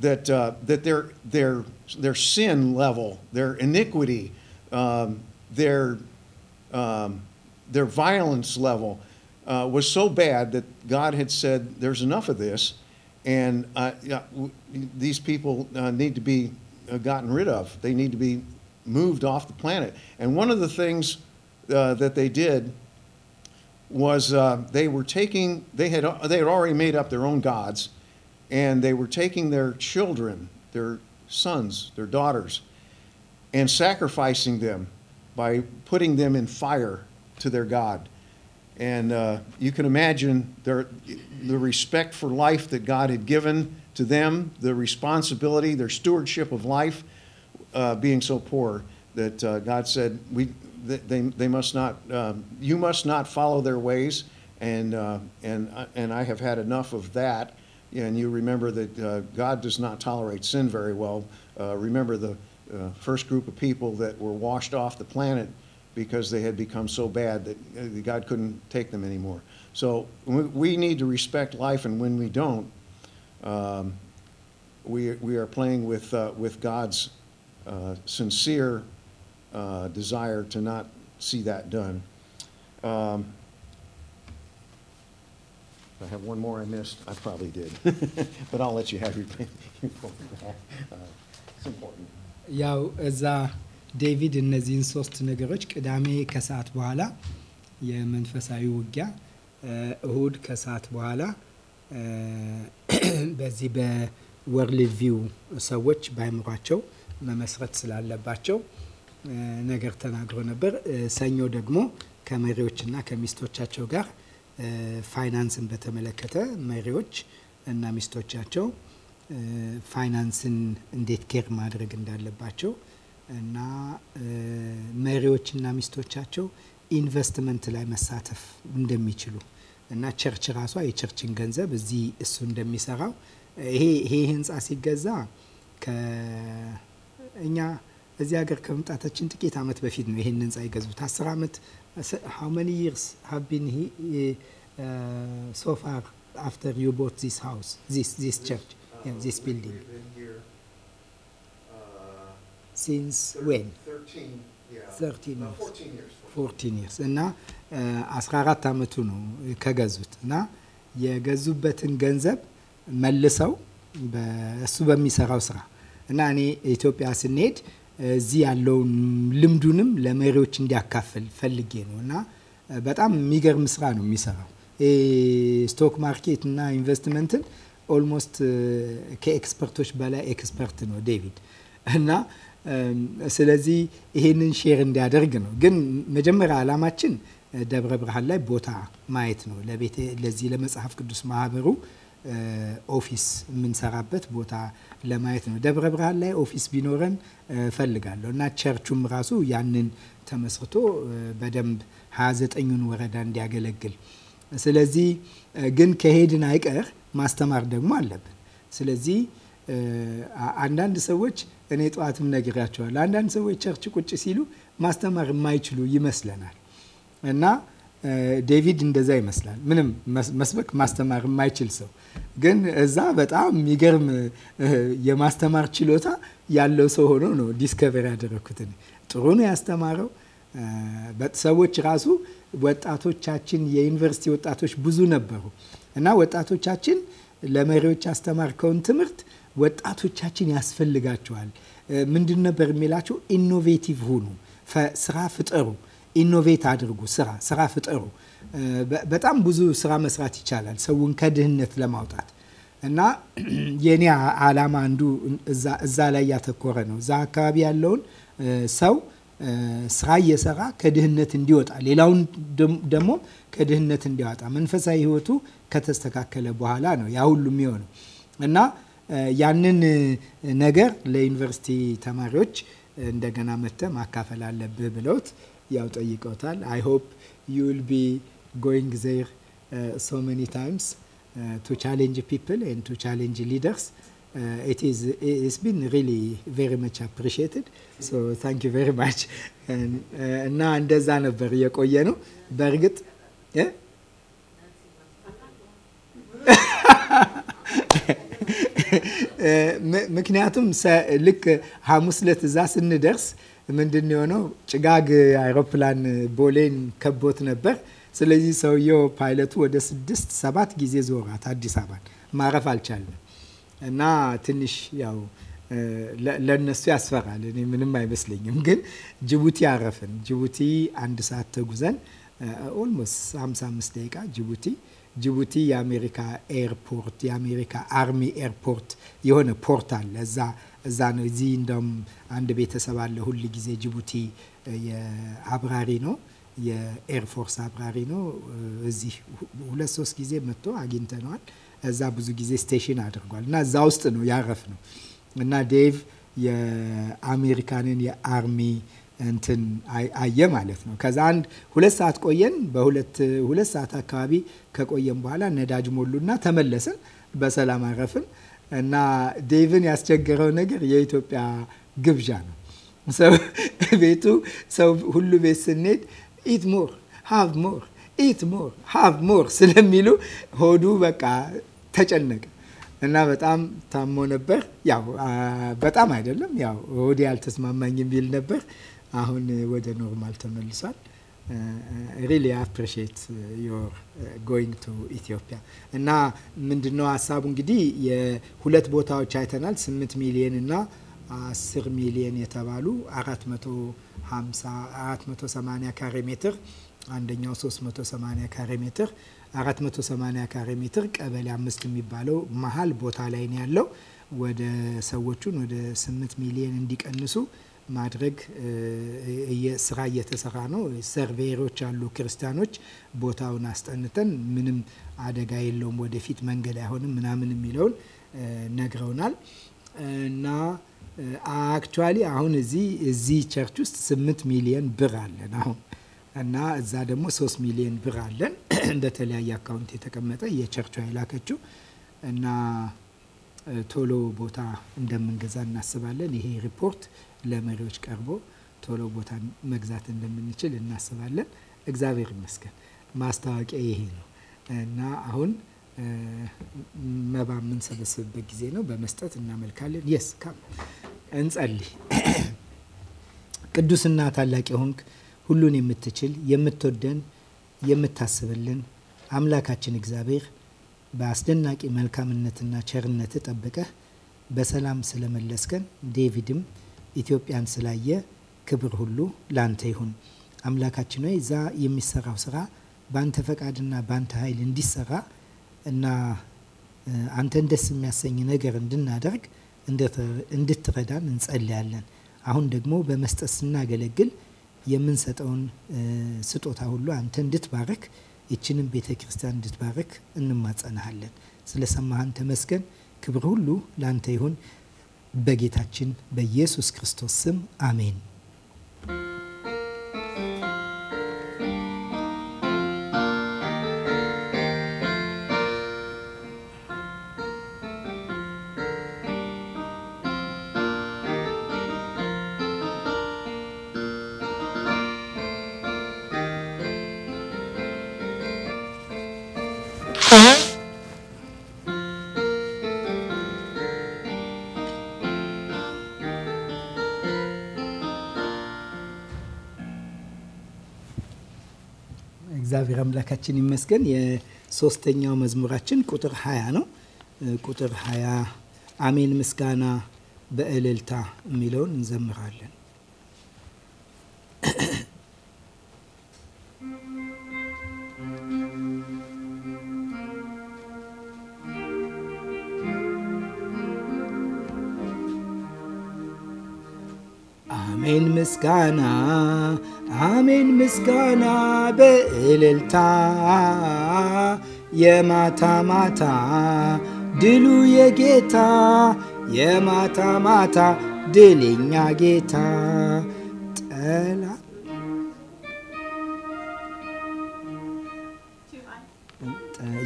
that, uh, that their, their, their sin level, their iniquity, um, their, um, their violence level uh, was so bad that God had said, There's enough of this, and uh, yeah, w- these people uh, need to be uh, gotten rid of. They need to be moved off the planet. And one of the things uh, that they did was they were taking, they had, they had already made up their own gods and they were taking their children, their sons, their daughters, and sacrificing them by putting them in fire to their God. And uh, you can imagine their, the respect for life that God had given to them, the responsibility, their stewardship of life, uh, being so poor that uh, God said, we, they, they must not, um, you must not follow their ways. And, uh, and, uh, and I have had enough of that and you remember that uh, God does not tolerate sin very well. Uh, remember the uh, first group of people that were washed off the planet because they had become so bad that uh, God couldn't take them anymore. So we need to respect life, and when we don't, um, we, we are playing with, uh, with God's uh, sincere desire to not see that done. Um, If I have one more I missed, I probably did. But I'll let you have your, your back. Uh, It's important. ያው እዛ ዴቪድ እነዚህን ሶስት ነገሮች ቅዳሜ ከሰዓት በኋላ የመንፈሳዊ ውጊያ እሁድ ከሰዓት በኋላ በዚህ በወርልድ ቪው ሰዎች ባይምሯቸው መመስረት ስላለባቸው ነገር ተናግሮ ነበር። ሰኞ ደግሞ ከመሪዎችና ከሚስቶቻቸው ጋር ፋይናንስን በተመለከተ መሪዎች እና ሚስቶቻቸው ፋይናንስን እንዴት ኬር ማድረግ እንዳለባቸው እና መሪዎችና ሚስቶቻቸው ኢንቨስትመንት ላይ መሳተፍ እንደሚችሉ እና ቸርች ራሷ የቸርችን ገንዘብ እዚህ እሱ እንደሚሰራው ይሄ ህንፃ ሲገዛ ከእኛ እዚህ ሀገር ከመምጣታችን ጥቂት ዓመት በፊት ነው ይህን ህንፃ የገዙት። አስር ዓመት how many years have been he uh, so far after you bought this house, this this this church, um, yeah, this building? Been here, uh, Since when? 13, yeah. 13 years. 14 years. 14 years. እና 14 ዓመቱ ነው ከገዙት እና የገዙበትን ገንዘብ መልሰው እሱ በሚሰራው ስራ እና እኔ ኢትዮጵያ ስንሄድ እዚህ ያለውን ልምዱንም ለመሪዎች እንዲያካፍል ፈልጌ ነው እና በጣም የሚገርም ስራ ነው የሚሰራው። ስቶክ ማርኬት እና ኢንቨስትመንትን ኦልሞስት ከኤክስፐርቶች በላይ ኤክስፐርት ነው ዴቪድ እና ስለዚህ ይሄንን ሼር እንዲያደርግ ነው። ግን መጀመሪያ ዓላማችን ደብረ ብርሃን ላይ ቦታ ማየት ነው። ለዚህ ለመጽሐፍ ቅዱስ ማህበሩ ኦፊስ የምንሰራበት ቦታ ለማየት ነው። ደብረ ብርሃን ላይ ኦፊስ ቢኖረን እፈልጋለሁ እና ቸርቹም ራሱ ያንን ተመስርቶ በደንብ 29ኙን ወረዳ እንዲያገለግል ስለዚህ ግን ከሄድን አይቀር ማስተማር ደግሞ አለብን። ስለዚህ አንዳንድ ሰዎች እኔ ጠዋትም ነግራቸዋለሁ። አንዳንድ ሰዎች ቸርች ቁጭ ሲሉ ማስተማር የማይችሉ ይመስለናል እና ዴቪድ እንደዛ ይመስላል። ምንም መስበክ ማስተማር የማይችል ሰው ግን እዛ በጣም የሚገርም የማስተማር ችሎታ ያለው ሰው ሆኖ ነው ዲስከቨር ያደረግኩትን። ጥሩ ነው ያስተማረው። ሰዎች ራሱ ወጣቶቻችን፣ የዩኒቨርሲቲ ወጣቶች ብዙ ነበሩ እና ወጣቶቻችን ለመሪዎች ያስተማርከውን ትምህርት ወጣቶቻችን ያስፈልጋቸዋል ምንድን ነበር የሚላቸው? ኢኖቬቲቭ ሁኑ፣ ስራ ፍጠሩ ኢኖቬት አድርጉ። ስራ ስራ ፍጠሩ። በጣም ብዙ ስራ መስራት ይቻላል ሰውን ከድህነት ለማውጣት እና የኔ አላማ አንዱ እዛ ላይ ያተኮረ ነው። እዛ አካባቢ ያለውን ሰው ስራ እየሰራ ከድህነት እንዲወጣ፣ ሌላውን ደግሞ ከድህነት እንዲወጣ መንፈሳዊ ህይወቱ ከተስተካከለ በኋላ ነው ያ ሁሉ የሚሆነው እና ያንን ነገር ለዩኒቨርሲቲ ተማሪዎች እንደገና መጥተህ ማካፈል አለብህ ብለውት ያው ጠይቀውታል። አይ ሆፕ ዩ ዊል ቢ ጎይንግ ዜር ሶ መኒ ታይምስ ቱ ቻሌንጅ ፒፕል ኤንድ ቱ ቻሌንጅ ሊደርስ Uh, it is it's been really very much appreciated so thank you very much እና እንደዛ ነበር የቆየ ነው በእርግጥ ምክንያቱም ልክ ሐሙስ ዕለት እዛ ስንደርስ ምንድን የሆነው ጭጋግ አይሮፕላን ቦሌን ከቦት ነበር። ስለዚህ ሰውየው ፓይለቱ ወደ ስድስት ሰባት ጊዜ ዞራት አዲስ አበባን ማረፍ አልቻለም። እና ትንሽ ያው ለእነሱ ያስፈራል። እኔ ምንም አይመስለኝም፣ ግን ጅቡቲ አረፍን። ጅቡቲ አንድ ሰዓት ተጉዘን ኦልሞስት 55 ደቂቃ ጅቡቲ ጅቡቲ የአሜሪካ ኤርፖርት የአሜሪካ አርሚ ኤርፖርት የሆነ ፖርት አለ እዛ እዛ ነው። እዚህ እንደውም አንድ ቤተሰብ አለ ሁል ጊዜ ጅቡቲ የአብራሪ ነው የኤርፎርስ አብራሪ ነው። እዚህ ሁለት ሶስት ጊዜ መጥቶ አግኝተነዋል። እዛ ብዙ ጊዜ ስቴሽን አድርጓል እና እዛ ውስጥ ነው ያረፍ ነው እና ዴቭ የአሜሪካንን የአርሚ እንትን አየ ማለት ነው። ከዛ አንድ ሁለት ሰዓት ቆየን። በሁለት ሁለት ሰዓት አካባቢ ከቆየን በኋላ ነዳጅ ሞሉና ተመለስን። በሰላም አረፍን። እና ዴቭን ያስቸገረው ነገር የኢትዮጵያ ግብዣ ነው። ሰው ቤቱ ሰው ሁሉ ቤት ስንሄድ ኢት ሞር ሃቭ ሞር ኢት ሞር ሃቭ ሞር ስለሚሉ ሆዱ በቃ ተጨነቀ እና በጣም ታሞ ነበር። ያው በጣም አይደለም ያው ሆዴ አልተስማማኝ ቢል ነበር። አሁን ወደ ኖርማል ተመልሷል። ሪሊ አፕሪሺየት ዮር ጎይንግ ቱ ኢትዮጵያ እና ምንድነው ሀሳቡ እንግዲህ የሁለት ቦታዎች አይተናል። ስምንት ሚሊየን እና አስር ሚሊየን የተባሉ አራት መቶ ሀምሳ አራት መቶ ሰማኒያ ካሬ ሜትር አንደኛው 380 ካሬ ሜትር 480 ካሬ ሜትር ቀበሌ አምስት የሚባለው መሀል ቦታ ላይ ነው ያለው። ወደ ሰዎቹን ወደ 8 ሚሊዮን እንዲቀንሱ ማድረግ ስራ እየተሰራ ነው። ሰርቬሮች አሉ ክርስቲያኖች ቦታውን አስጠንተን ምንም አደጋ የለውም ወደፊት መንገድ አይሆንም ምናምን የሚለውን ነግረውናል እና አክቹዋሊ አሁን እዚህ እዚህ ቸርች ውስጥ ስምንት ሚሊየን ብር አለን አሁን እና እዛ ደግሞ ሶስት ሚሊየን ብር አለን በተለያየ አካውንት የተቀመጠ የቸርቿ የላከችው እና ቶሎ ቦታ እንደምንገዛ እናስባለን። ይሄ ሪፖርት ለመሪዎች ቀርቦ ቶሎ ቦታ መግዛት እንደምንችል እናስባለን። እግዚአብሔር ይመስገን። ማስታወቂያ ይሄ ነው እና አሁን መባ የምንሰበስብበት ጊዜ ነው። በመስጠት እናመልካለን። የስ ካም እንጸልይ። ቅዱስና ታላቅ የሆንክ ሁሉን የምትችል የምትወደን የምታስብልን አምላካችን እግዚአብሔር በአስደናቂ መልካምነትና ቸርነት ጠብቀህ በሰላም ስለመለስከን ዴቪድም ኢትዮጵያን ስላየ ክብር ሁሉ ላንተ ይሁን። አምላካችን ሆይ እዛ የሚሰራው ስራ በአንተ ፈቃድና በአንተ ኃይል እንዲሰራ እና አንተን ደስ የሚያሰኝ ነገር እንድናደርግ እንድትረዳን እንጸልያለን። አሁን ደግሞ በመስጠት ስናገለግል የምንሰጠውን ስጦታ ሁሉ አንተ እንድትባረክ ይችንም ቤተ ክርስቲያን እንድትባረክ እንማጸናሃለን። ስለ ሰማህን ተመስገን። ክብር ሁሉ ለአንተ ይሁን። በጌታችን በኢየሱስ ክርስቶስ ስም አሜን። እግዚአብሔር አምላካችን ይመስገን። የሶስተኛው መዝሙራችን ቁጥር 20 ነው። ቁጥር 20 አሜን ምስጋና በእልልታ የሚለውን እንዘምራለን። አሜን ምስጋና አሜን ምስጋና በእልልታ የማታ ማታ ድሉ የጌታ የማታ ማታ ድልኛ ጌታ ጠላ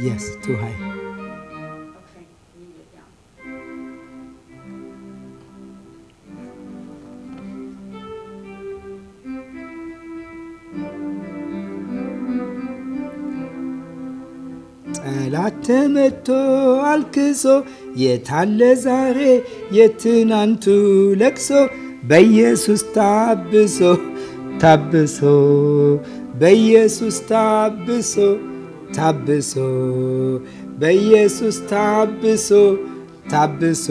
yes too high ተመቶ አልክሶ የታለ ዛሬ የትናንቱ ለቅሶ በኢየሱስ ታብሶ ታብሶ በኢየሱስ ታብሶ ታብሶ በኢየሱስ ታብሶ ታብሶ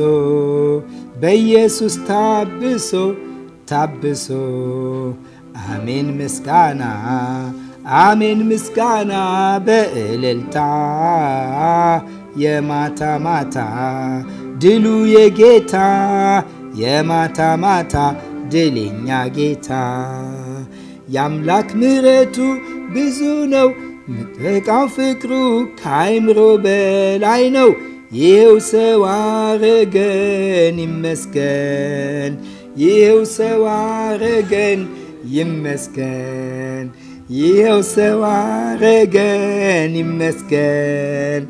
በኢየሱስ ታብሶ ታብሶ አሜን ምስጋና አሜን ምስጋና በእልልታ የማታ ማታ ድሉ የጌታ የማታ ማታ ድልኛ ጌታ የአምላክ ምሕረቱ ብዙ ነው። ምጥቃም ፍቅሩ ከአይምሮ በላይ ነው። ይኸው ሰው አረገን ይመስገን። ይኸው ሰው አረገን ይመስገን። ይኸው ሰው አረገን ይመስገን፣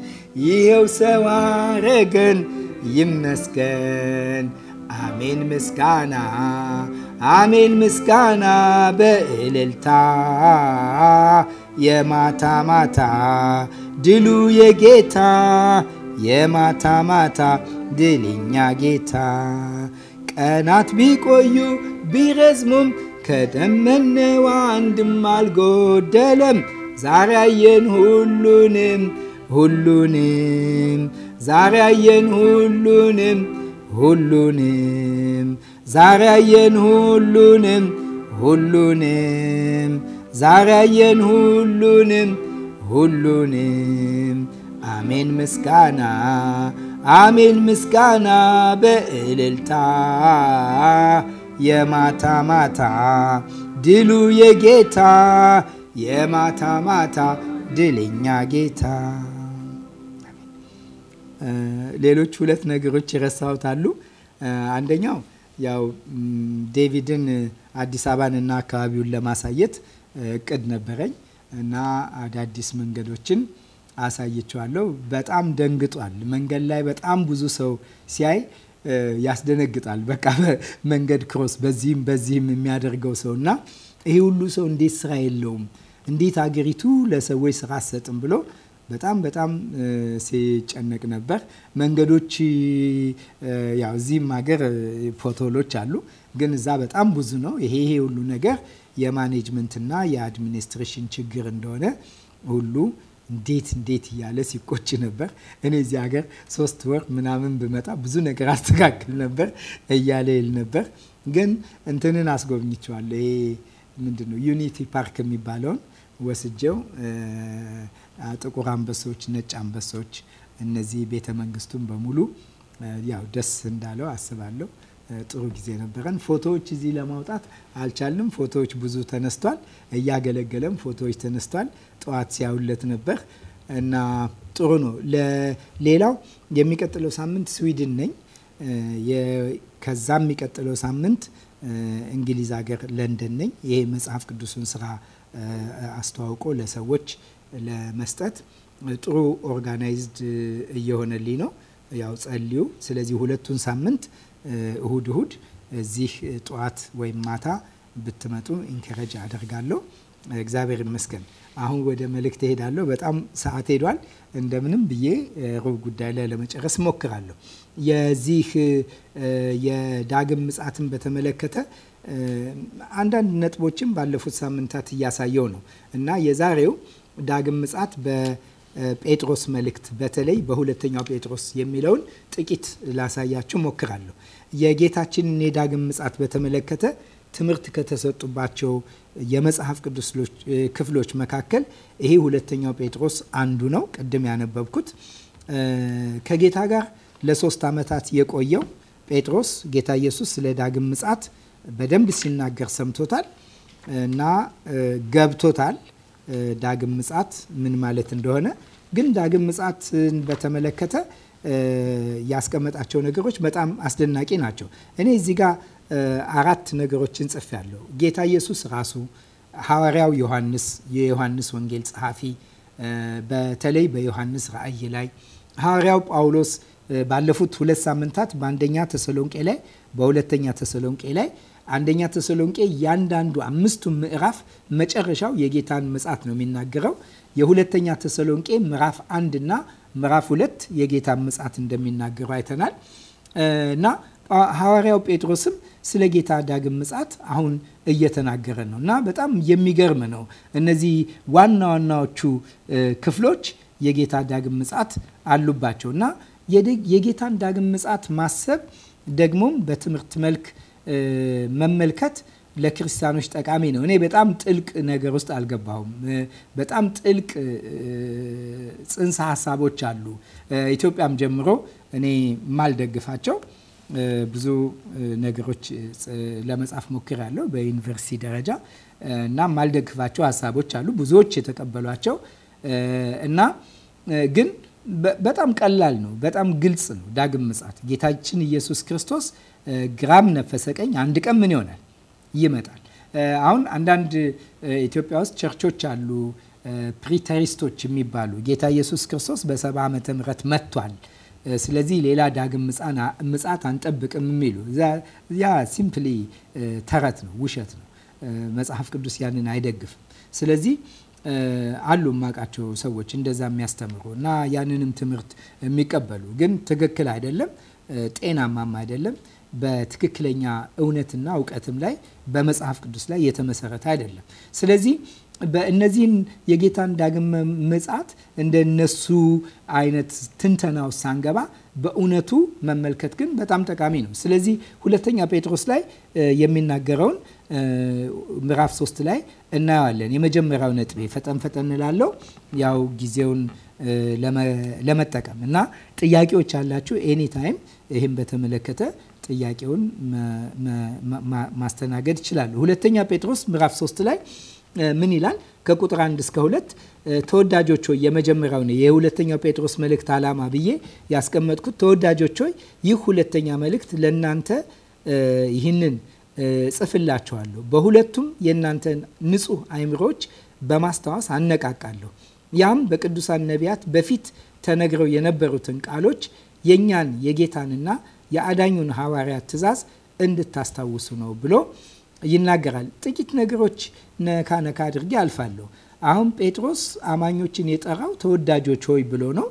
ይኸው ሰው አረገን ይመስገን። አሜን ምስጋና አሜን ምስጋና በእልልታ የማታ ማታ ድሉ የጌታ የማታ ማታ ድልኛ ጌታ ቀናት ቢቆዩ ቢረዝሙም ከለመነው አንድም አልጎደለም። ዛሬ አየን ሁሉንም ሁሉንም ዛሬ አየን ሁሉንም ሁሉንም ዛሬ አየን ሁሉንም ሁሉንም ዛሬ አየን ሁሉንም ሁሉንም አሜን ምስጋና አሜን ምስጋና በእልልታ የማታ ማታ ድሉ የጌታ የማታ ማታ ድልኛ ጌታ። ሌሎች ሁለት ነገሮች የረሳሁት አሉ። አንደኛው ያው ዴቪድን አዲስ አበባን እና አካባቢውን ለማሳየት እቅድ ነበረኝ እና አዳዲስ መንገዶችን አሳይቸዋለሁ። በጣም ደንግጧል። መንገድ ላይ በጣም ብዙ ሰው ሲያይ ያስደነግጣል። በቃ መንገድ ክሮስ በዚህም በዚህም የሚያደርገው ሰው እና ይሄ ሁሉ ሰው እንዴት ስራ የለውም እንዴት አገሪቱ ለሰዎች ስራ አትሰጥም ብሎ በጣም በጣም ሲጨነቅ ነበር። መንገዶች ያው እዚህም ሀገር ፖቶሎች አሉ፣ ግን እዛ በጣም ብዙ ነው። ይሄ ይሄ ሁሉ ነገር የማኔጅመንትና የአድሚኒስትሬሽን ችግር እንደሆነ ሁሉ እንዴት እንዴት እያለ ሲቆጭ ነበር። እኔ እዚህ ሀገር ሶስት ወር ምናምን ብመጣ ብዙ ነገር አስተካክል ነበር እያለ ይል ነበር። ግን እንትንን አስጎብኝቸዋለሁ። ይሄ ምንድን ነው ዩኒቲ ፓርክ የሚባለውን ወስጀው ጥቁር አንበሶች፣ ነጭ አንበሶች እነዚህ ቤተ መንግስቱን በሙሉ ያው ደስ እንዳለው አስባለሁ። ጥሩ ጊዜ ነበረን። ፎቶዎች እዚህ ለማውጣት አልቻልንም። ፎቶዎች ብዙ ተነስቷል። እያገለገለም ፎቶዎች ተነስቷል። ጠዋት ሲያውለት ነበር እና ጥሩ ነው። ሌላው የሚቀጥለው ሳምንት ስዊድን ነኝ። ከዛ የሚቀጥለው ሳምንት እንግሊዝ ሀገር ለንደን ነኝ። ይሄ መጽሐፍ ቅዱስን ስራ አስተዋውቆ ለሰዎች ለመስጠት ጥሩ ኦርጋናይዝድ እየሆነልኝ ነው። ያው ጸልዩ። ስለዚህ ሁለቱን ሳምንት እሁድ እሁድ እዚህ ጠዋት ወይም ማታ ብትመጡ ኢንከረጅ አደርጋለሁ። እግዚአብሔር ይመስገን። አሁን ወደ መልእክት ሄዳለሁ በጣም ሰዓት ሄዷል። እንደምንም ብዬ ሩብ ጉዳይ ላይ ለመጨረስ ሞክራለሁ። የዚህ የዳግም ምጻትን በተመለከተ አንዳንድ ነጥቦችን ባለፉት ሳምንታት እያሳየው ነው እና የዛሬው ዳግም በ ጴጥሮስ መልእክት በተለይ በሁለተኛው ጴጥሮስ የሚለውን ጥቂት ላሳያችሁ ሞክራለሁ። የጌታችንን የዳግም ምጻት በተመለከተ ትምህርት ከተሰጡባቸው የመጽሐፍ ቅዱስ ክፍሎች መካከል ይሄ ሁለተኛው ጴጥሮስ አንዱ ነው። ቅድም ያነበብኩት ከጌታ ጋር ለሶስት ዓመታት የቆየው ጴጥሮስ ጌታ ኢየሱስ ስለ ዳግም ምጻት በደንብ ሲናገር ሰምቶታል እና ገብቶታል ዳግም ምጻት ምን ማለት እንደሆነ ግን ዳግም ምጻትን በተመለከተ ያስቀመጣቸው ነገሮች በጣም አስደናቂ ናቸው። እኔ እዚህ ጋር አራት ነገሮችን ጽፌያለሁ። ጌታ ኢየሱስ ራሱ፣ ሐዋርያው ዮሐንስ፣ የዮሐንስ ወንጌል ጸሐፊ በተለይ በዮሐንስ ራእይ ላይ ሐዋርያው ጳውሎስ ባለፉት ሁለት ሳምንታት በአንደኛ ተሰሎንቄ ላይ በሁለተኛ ተሰሎንቄ ላይ አንደኛ ተሰሎንቄ ያንዳንዱ አምስቱ ምዕራፍ መጨረሻው የጌታን ምጽአት ነው የሚናገረው። የሁለተኛ ተሰሎንቄ ምዕራፍ አንድ እና ምዕራፍ ሁለት የጌታን ምጽአት እንደሚናገሩ አይተናል እና ሐዋርያው ጴጥሮስም ስለ ጌታ ዳግም ምጽአት አሁን እየተናገረ ነው እና በጣም የሚገርም ነው። እነዚህ ዋና ዋናዎቹ ክፍሎች የጌታ ዳግም ምጽአት አሉባቸው እና የጌታን ዳግም ምጽአት ማሰብ ደግሞም በትምህርት መልክ መመልከት ለክርስቲያኖች ጠቃሚ ነው። እኔ በጣም ጥልቅ ነገር ውስጥ አልገባሁም። በጣም ጥልቅ ጽንሰ ሀሳቦች አሉ። ኢትዮጵያም ጀምሮ እኔ ማልደግፋቸው ብዙ ነገሮች ለመጻፍ ሞክሬያለሁ በዩኒቨርሲቲ ደረጃ እና ማልደግፋቸው ሀሳቦች አሉ፣ ብዙዎች የተቀበሏቸው እና ግን በጣም ቀላል ነው። በጣም ግልጽ ነው። ዳግም ምጽአት ጌታችን ኢየሱስ ክርስቶስ ግራም ነፈሰ ቀኝ አንድ ቀን ምን ይሆናል? ይመጣል። አሁን አንዳንድ ኢትዮጵያ ውስጥ ቸርቾች አሉ፣ ፕሪተሪስቶች የሚባሉ ጌታ ኢየሱስ ክርስቶስ በሰባ ዓመተ ምህረት መጥቷል፣ ስለዚህ ሌላ ዳግም ምጻት አንጠብቅም የሚሉ ያ ሲምፕሊ ተረት ነው፣ ውሸት ነው። መጽሐፍ ቅዱስ ያንን አይደግፍም። ስለዚህ አሉ የማውቃቸው ሰዎች እንደዛ የሚያስተምሩ እና ያንንም ትምህርት የሚቀበሉ ግን ትክክል አይደለም፣ ጤናማም አይደለም። በትክክለኛ እውነትና እውቀትም ላይ በመጽሐፍ ቅዱስ ላይ የተመሰረተ አይደለም። ስለዚህ በእነዚህን የጌታን ዳግም ምጽአት እንደነሱ አይነት ትንተናው ሳንገባ በእውነቱ መመልከት ግን በጣም ጠቃሚ ነው። ስለዚህ ሁለተኛ ጴጥሮስ ላይ የሚናገረውን ምዕራፍ ሶስት ላይ እናየዋለን። የመጀመሪያው ነጥቤ ፈጠን ፈጠን ላለው ያው ጊዜውን ለመጠቀም እና ጥያቄዎች አላችሁ ኤኒ ታይም ይህም በተመለከተ ጥያቄውን ማስተናገድ ይችላሉ። ሁለተኛ ጴጥሮስ ምዕራፍ 3 ላይ ምን ይላል? ከቁጥር 1 እስከ 2 ተወዳጆች ሆይ የመጀመሪያው ነው የሁለተኛው ጴጥሮስ መልእክት ዓላማ ብዬ ያስቀመጥኩት ተወዳጆች ሆይ ይህ ሁለተኛ መልእክት ለእናንተ ይህንን ጽፍላችኋለሁ። በሁለቱም የእናንተን ንጹህ አይምሮች በማስታወስ አነቃቃለሁ። ያም በቅዱሳን ነቢያት በፊት ተነግረው የነበሩትን ቃሎች የእኛን የጌታንና የአዳኙን ሐዋርያ ትእዛዝ እንድታስታውሱ ነው ብሎ ይናገራል። ጥቂት ነገሮች ነካ ነካ አድርጌ አልፋለሁ። አሁን ጴጥሮስ አማኞችን የጠራው ተወዳጆች ሆይ ብሎ ነው።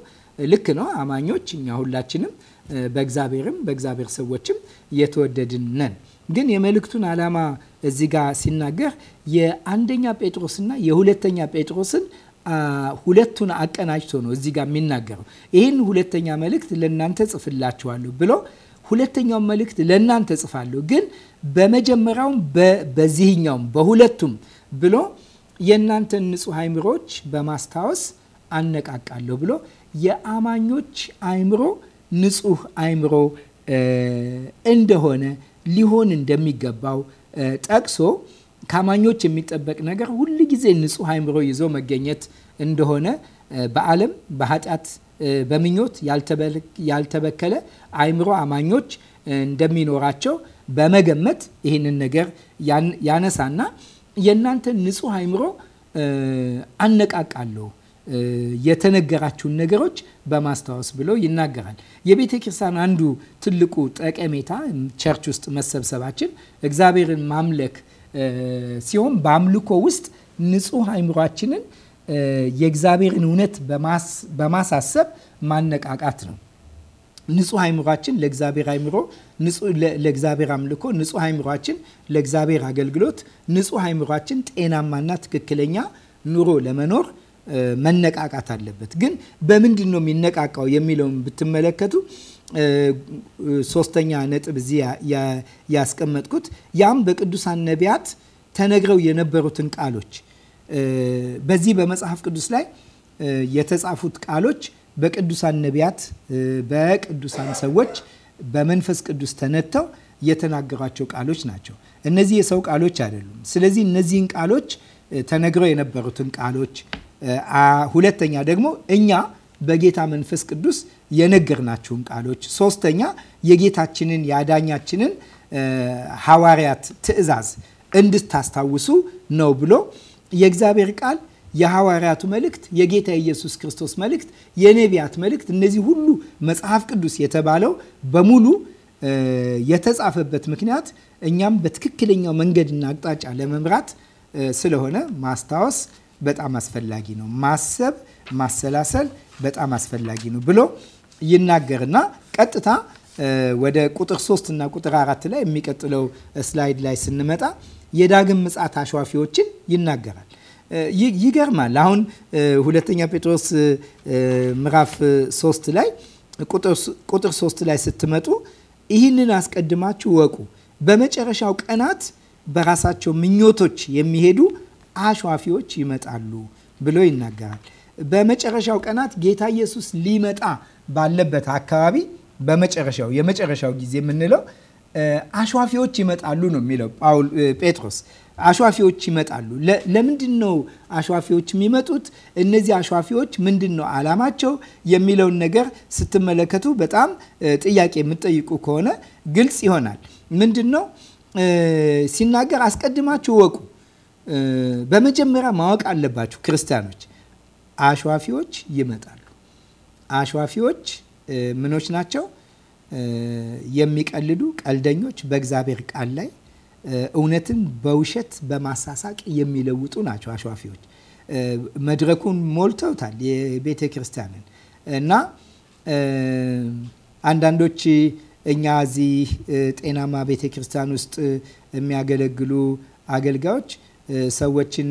ልክ ነው። አማኞች እኛ ሁላችንም በእግዚአብሔርም በእግዚአብሔር ሰዎችም የተወደድን ነን። ግን የመልእክቱን ዓላማ እዚህ ጋር ሲናገር የአንደኛ ጴጥሮስና የሁለተኛ ጴጥሮስን ሁለቱን አቀናጅቶ ነው እዚህ ጋር የሚናገረው። ይህን ሁለተኛ መልእክት ለእናንተ ጽፍላችኋለሁ ብሎ ሁለተኛው መልእክት ለእናንተ ጽፋለሁ፣ ግን በመጀመሪያውም በዚህኛውም በሁለቱም ብሎ የእናንተን ንጹህ አይምሮች በማስታወስ አነቃቃለሁ ብሎ የአማኞች አይምሮ ንጹህ አይምሮ እንደሆነ ሊሆን እንደሚገባው ጠቅሶ ከአማኞች የሚጠበቅ ነገር ሁል ጊዜ ንጹህ አይምሮ ይዞ መገኘት እንደሆነ በዓለም በኃጢአት በምኞት ያልተበከለ አይምሮ አማኞች እንደሚኖራቸው በመገመት ይህንን ነገር ያነሳና የእናንተ ንጹህ አይምሮ አነቃቃለሁ የተነገራችሁን ነገሮች በማስታወስ ብሎ ይናገራል። የቤተ ክርስቲያን አንዱ ትልቁ ጠቀሜታ ቸርች ውስጥ መሰብሰባችን እግዚአብሔርን ማምለክ ሲሆን በአምልኮ ውስጥ ንጹህ አይምሯችንን የእግዚአብሔርን እውነት በማሳሰብ ማነቃቃት ነው። ንጹህ አይምሯችን ለእግዚአብሔር አይምሮ፣ ለእግዚአብሔር አምልኮ፣ ንጹህ አይምሯችን ለእግዚአብሔር አገልግሎት፣ ንጹህ አይምሯችን ጤናማና ትክክለኛ ኑሮ ለመኖር መነቃቃት አለበት። ግን በምንድን ነው የሚነቃቃው የሚለውን ብትመለከቱ ሶስተኛ ነጥብ እዚህ ያስቀመጥኩት ያም በቅዱሳን ነቢያት ተነግረው የነበሩትን ቃሎች በዚህ በመጽሐፍ ቅዱስ ላይ የተጻፉት ቃሎች በቅዱሳን ነቢያት፣ በቅዱሳን ሰዎች በመንፈስ ቅዱስ ተነተው የተናገሯቸው ቃሎች ናቸው። እነዚህ የሰው ቃሎች አይደሉም። ስለዚህ እነዚህን ቃሎች ተነግረው የነበሩትን ቃሎች፣ ሁለተኛ ደግሞ እኛ በጌታ መንፈስ ቅዱስ ናቸውን ቃሎች፣ ሶስተኛ የጌታችንን የአዳኛችንን ሐዋርያት ትእዛዝ እንድታስታውሱ ነው ብሎ የእግዚአብሔር ቃል፣ የሐዋርያቱ መልእክት፣ የጌታ ኢየሱስ ክርስቶስ መልእክት፣ የነቢያት መልእክት፣ እነዚህ ሁሉ መጽሐፍ ቅዱስ የተባለው በሙሉ የተጻፈበት ምክንያት እኛም በትክክለኛው መንገድና አቅጣጫ ለመምራት ስለሆነ ማስታወስ በጣም አስፈላጊ ነው። ማሰብ ማሰላሰል በጣም አስፈላጊ ነው ብሎ ይናገርና ቀጥታ ወደ ቁጥር 3 እና ቁጥር 4 ላይ የሚቀጥለው ስላይድ ላይ ስንመጣ የዳግም ምጽአት አሸዋፊዎችን ይናገራል። ይገርማል። አሁን ሁለተኛ ጴጥሮስ ምዕራፍ 3 ላይ ቁጥር 3 ላይ ስትመጡ ይህንን አስቀድማችሁ ወቁ፣ በመጨረሻው ቀናት በራሳቸው ምኞቶች የሚሄዱ አሸዋፊዎች ይመጣሉ ብሎ ይናገራል። በመጨረሻው ቀናት ጌታ ኢየሱስ ሊመጣ ባለበት አካባቢ በመጨረሻው የመጨረሻው ጊዜ የምንለው አሸዋፊዎች ይመጣሉ ነው የሚለው ጴጥሮስ። አሸዋፊዎች ይመጣሉ። ለምንድን ነው አሸዋፊዎች የሚመጡት? እነዚህ አሸዋፊዎች ምንድን ነው አላማቸው የሚለውን ነገር ስትመለከቱ በጣም ጥያቄ የምትጠይቁ ከሆነ ግልጽ ይሆናል። ምንድን ነው ሲናገር አስቀድማችሁ ወቁ በመጀመሪያ ማወቅ አለባችሁ ክርስቲያኖች፣ አሸዋፊዎች ይመጣሉ። አሸዋፊዎች ምኖች ናቸው የሚቀልዱ ቀልደኞች፣ በእግዚአብሔር ቃል ላይ እውነትን በውሸት በማሳሳቅ የሚለውጡ ናቸው አሸዋፊዎች። መድረኩን ሞልተውታል የቤተ ክርስቲያንን እና አንዳንዶች እኛ እዚህ ጤናማ ቤተ ክርስቲያን ውስጥ የሚያገለግሉ አገልጋዮች ሰዎችን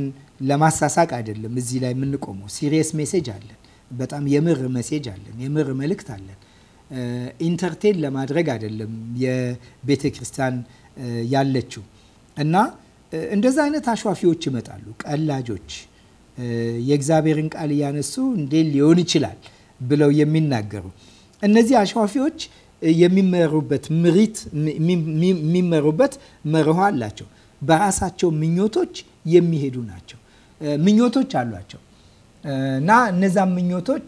ለማሳሳቅ አይደለም እዚህ ላይ የምንቆመው። ሲሪየስ ሜሴጅ አለን በጣም የምር መሴጅ አለን፣ የምር መልእክት አለን። ኢንተርቴን ለማድረግ አይደለም የቤተ ክርስቲያን ያለችው እና እንደዛ አይነት አሿፊዎች ይመጣሉ፣ ቀላጆች የእግዚአብሔርን ቃል እያነሱ እንዴ ሊሆን ይችላል ብለው የሚናገሩ እነዚህ አሿፊዎች የሚመሩበት ምሪት የሚመሩበት መርሆ አላቸው። በራሳቸው ምኞቶች የሚሄዱ ናቸው። ምኞቶች አሏቸው። እና እነዛም ምኞቶች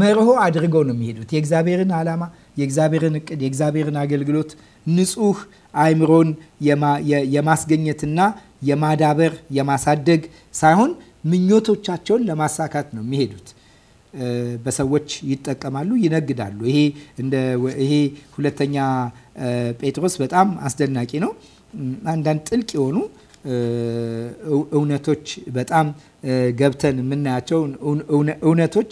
መርሆ አድርገው ነው የሚሄዱት። የእግዚአብሔርን ዓላማ፣ የእግዚአብሔርን እቅድ፣ የእግዚአብሔርን አገልግሎት ንጹህ አእምሮን የማስገኘትና የማዳበር የማሳደግ ሳይሆን ምኞቶቻቸውን ለማሳካት ነው የሚሄዱት። በሰዎች ይጠቀማሉ፣ ይነግዳሉ። ይሄ ሁለተኛ ጴጥሮስ በጣም አስደናቂ ነው። አንዳንድ ጥልቅ የሆኑ እውነቶች በጣም ገብተን የምናያቸው እውነቶች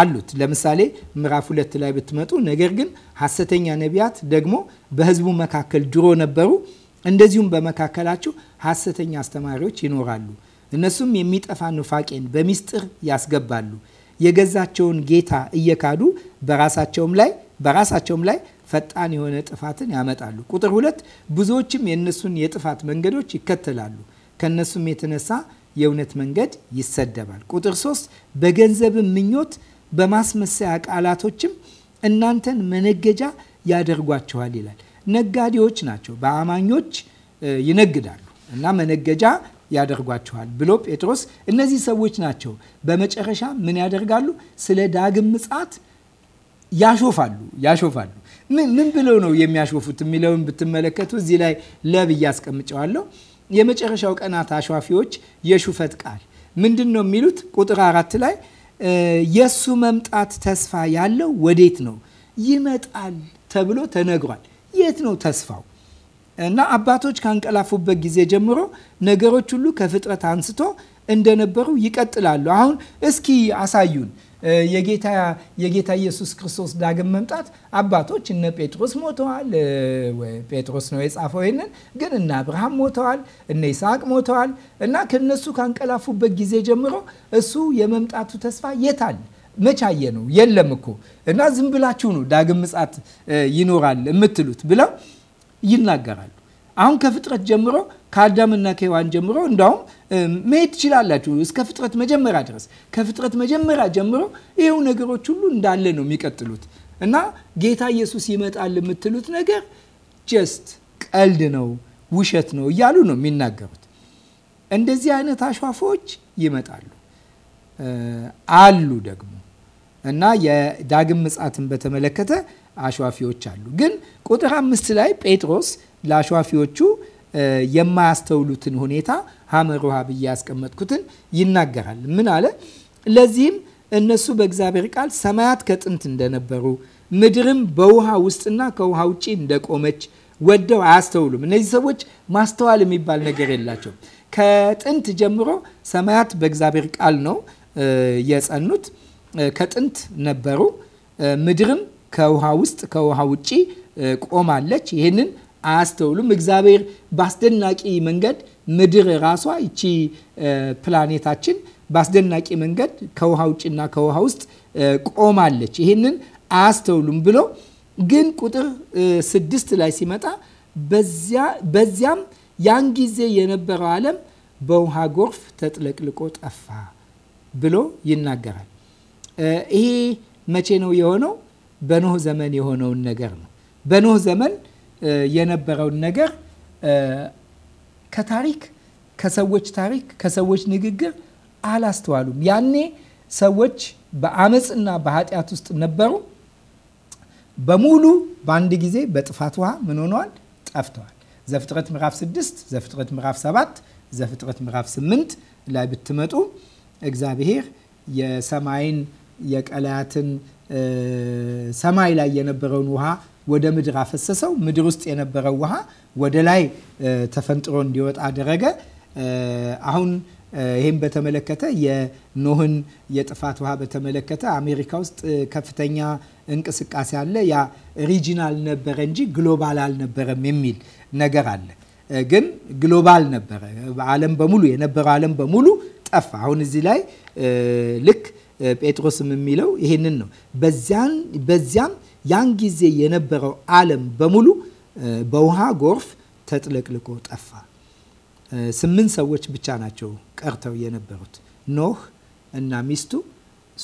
አሉት። ለምሳሌ ምዕራፍ ሁለት ላይ ብትመጡ፣ ነገር ግን ሐሰተኛ ነቢያት ደግሞ በህዝቡ መካከል ድሮ ነበሩ፣ እንደዚሁም በመካከላችሁ ሐሰተኛ አስተማሪዎች ይኖራሉ። እነሱም የሚጠፋ ኑፋቄን በሚስጥር ያስገባሉ፣ የገዛቸውን ጌታ እየካዱ በራሳቸውም ላይ በራሳቸውም ላይ ፈጣን የሆነ ጥፋትን ያመጣሉ። ቁጥር ሁለት ብዙዎችም የእነሱን የጥፋት መንገዶች ይከተላሉ፣ ከእነሱም የተነሳ የእውነት መንገድ ይሰደባል። ቁጥር ሶስት በገንዘብ ምኞት በማስመሰያ ቃላቶችም እናንተን መነገጃ ያደርጓችኋል ይላል። ነጋዴዎች ናቸው፣ በአማኞች ይነግዳሉ እና መነገጃ ያደርጓቸዋል ብሎ ጴጥሮስ እነዚህ ሰዎች ናቸው በመጨረሻ ምን ያደርጋሉ? ስለ ዳግም ምጽአት ያሾፋሉ ያሾፋሉ። ምን ብለው ነው የሚያሾፉት የሚለውን ብትመለከቱ እዚህ ላይ ለብ እያስቀምጨዋለሁ። የመጨረሻው ቀናት አሻፊዎች የሹፈት ቃል ምንድን ነው የሚሉት? ቁጥር አራት ላይ የእሱ መምጣት ተስፋ ያለው ወዴት ነው ይመጣል ተብሎ ተነግሯል። የት ነው ተስፋው? እና አባቶች ካንቀላፉበት ጊዜ ጀምሮ ነገሮች ሁሉ ከፍጥረት አንስቶ እንደነበሩ ይቀጥላሉ። አሁን እስኪ አሳዩን የጌታ የጌታ ኢየሱስ ክርስቶስ ዳግም መምጣት አባቶች እነ ጴጥሮስ ሞተዋል። ጴጥሮስ ነው የጻፈው ይንን ግን እነ አብርሃም ሞተዋል፣ እነ ይስሐቅ ሞተዋል እና ከነሱ ካንቀላፉበት ጊዜ ጀምሮ እሱ የመምጣቱ ተስፋ የታል? መቻየ ነው የለም እኮ እና ዝም ብላችሁ ነው ዳግም ምጻት ይኖራል የምትሉት ብለው ይናገራሉ። አሁን ከፍጥረት ጀምሮ ከአዳምና ከሔዋን ጀምሮ እንዳውም መሄድ ትችላላችሁ እስከ ፍጥረት መጀመሪያ ድረስ ከፍጥረት መጀመሪያ ጀምሮ ይኸው ነገሮች ሁሉ እንዳለ ነው የሚቀጥሉት እና ጌታ ኢየሱስ ይመጣል የምትሉት ነገር ጀስት ቀልድ ነው፣ ውሸት ነው እያሉ ነው የሚናገሩት። እንደዚህ አይነት አሿፎች ይመጣሉ አሉ ደግሞ እና የዳግም ምጻትን በተመለከተ አሿፊዎች አሉ። ግን ቁጥር አምስት ላይ ጴጥሮስ ለአሿፊዎቹ የማያስተውሉትን ሁኔታ ሐመር ውሃ ብዬ ያስቀመጥኩትን ይናገራል። ምን አለ? ለዚህም እነሱ በእግዚአብሔር ቃል ሰማያት ከጥንት እንደነበሩ ምድርም በውሃ ውስጥና ከውሃ ውጪ እንደቆመች ወደው አያስተውሉም። እነዚህ ሰዎች ማስተዋል የሚባል ነገር የላቸውም። ከጥንት ጀምሮ ሰማያት በእግዚአብሔር ቃል ነው የጸኑት። ከጥንት ነበሩ። ምድርም ከውሃ ውስጥ ከውሃ ውጪ ቆማለች። ይህንን አያስተውሉም። እግዚአብሔር በአስደናቂ መንገድ ምድር ራሷ ይቺ ፕላኔታችን በአስደናቂ መንገድ ከውሃ ውጭና ከውሃ ውስጥ ቆማለች። ይህንን አያስተውሉም ብሎ ግን ቁጥር ስድስት ላይ ሲመጣ በዚያም ያን ጊዜ የነበረው ዓለም በውሃ ጎርፍ ተጥለቅልቆ ጠፋ ብሎ ይናገራል። ይሄ መቼ ነው የሆነው? በኖህ ዘመን የሆነውን ነገር ነው። በኖህ ዘመን የነበረውን ነገር ከታሪክ ከሰዎች ታሪክ ከሰዎች ንግግር አላስተዋሉም። ያኔ ሰዎች በአመፅና በኃጢአት ውስጥ ነበሩ። በሙሉ በአንድ ጊዜ በጥፋት ውሃ ምን ሆነዋል? ጠፍተዋል። ዘፍጥረት ምዕራፍ 6፣ ዘፍጥረት ምዕራፍ 7፣ ዘፍጥረት ምዕራፍ 8 ላይ ብትመጡ እግዚአብሔር የሰማይን የቀላያትን ሰማይ ላይ የነበረውን ውሃ ወደ ምድር አፈሰሰው። ምድር ውስጥ የነበረው ውሃ ወደ ላይ ተፈንጥሮ እንዲወጣ አደረገ። አሁን ይህም በተመለከተ የኖህን የጥፋት ውሃ በተመለከተ አሜሪካ ውስጥ ከፍተኛ እንቅስቃሴ አለ። ያ ሪጂናል ነበረ እንጂ ግሎባል አልነበረም የሚል ነገር አለ። ግን ግሎባል ነበረ። ዓለም በሙሉ የነበረው ዓለም በሙሉ ጠፋ። አሁን እዚህ ላይ ልክ ጴጥሮስም የሚለው ይህንን ነው። በዚያም ያን ጊዜ የነበረው ዓለም በሙሉ በውሃ ጎርፍ ተጥለቅልቆ ጠፋ። ስምንት ሰዎች ብቻ ናቸው ቀርተው የነበሩት ኖህ እና ሚስቱ፣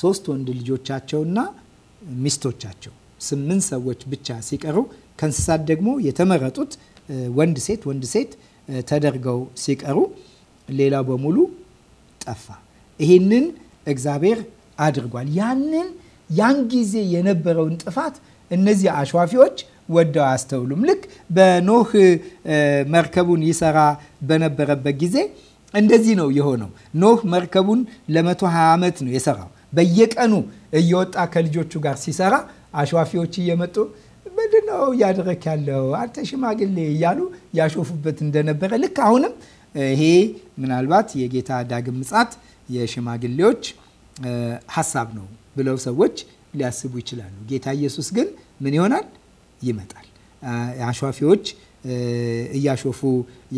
ሶስት ወንድ ልጆቻቸውና ሚስቶቻቸው። ስምንት ሰዎች ብቻ ሲቀሩ ከእንስሳት ደግሞ የተመረጡት ወንድ ሴት ወንድ ሴት ተደርገው ሲቀሩ ሌላው በሙሉ ጠፋ። ይህንን እግዚአብሔር አድርጓል። ያንን ያን ጊዜ የነበረውን ጥፋት እነዚህ አሽዋፊዎች ወደው አያስተውሉም። ልክ በኖህ መርከቡን ይሰራ በነበረበት ጊዜ እንደዚህ ነው የሆነው። ኖህ መርከቡን ለ120 ዓመት ነው የሰራው። በየቀኑ እየወጣ ከልጆቹ ጋር ሲሰራ አሽዋፊዎች እየመጡ ምንድነው እያደረክ ያለው አንተ ሽማግሌ እያሉ ያሾፉበት እንደነበረ ልክ አሁንም ይሄ ምናልባት የጌታ ዳግም ምጻት የሽማግሌዎች ሀሳብ ነው ብለው ሰዎች ሊያስቡ ይችላሉ። ጌታ ኢየሱስ ግን ምን ይሆናል? ይመጣል። አሿፊዎች እያሾፉ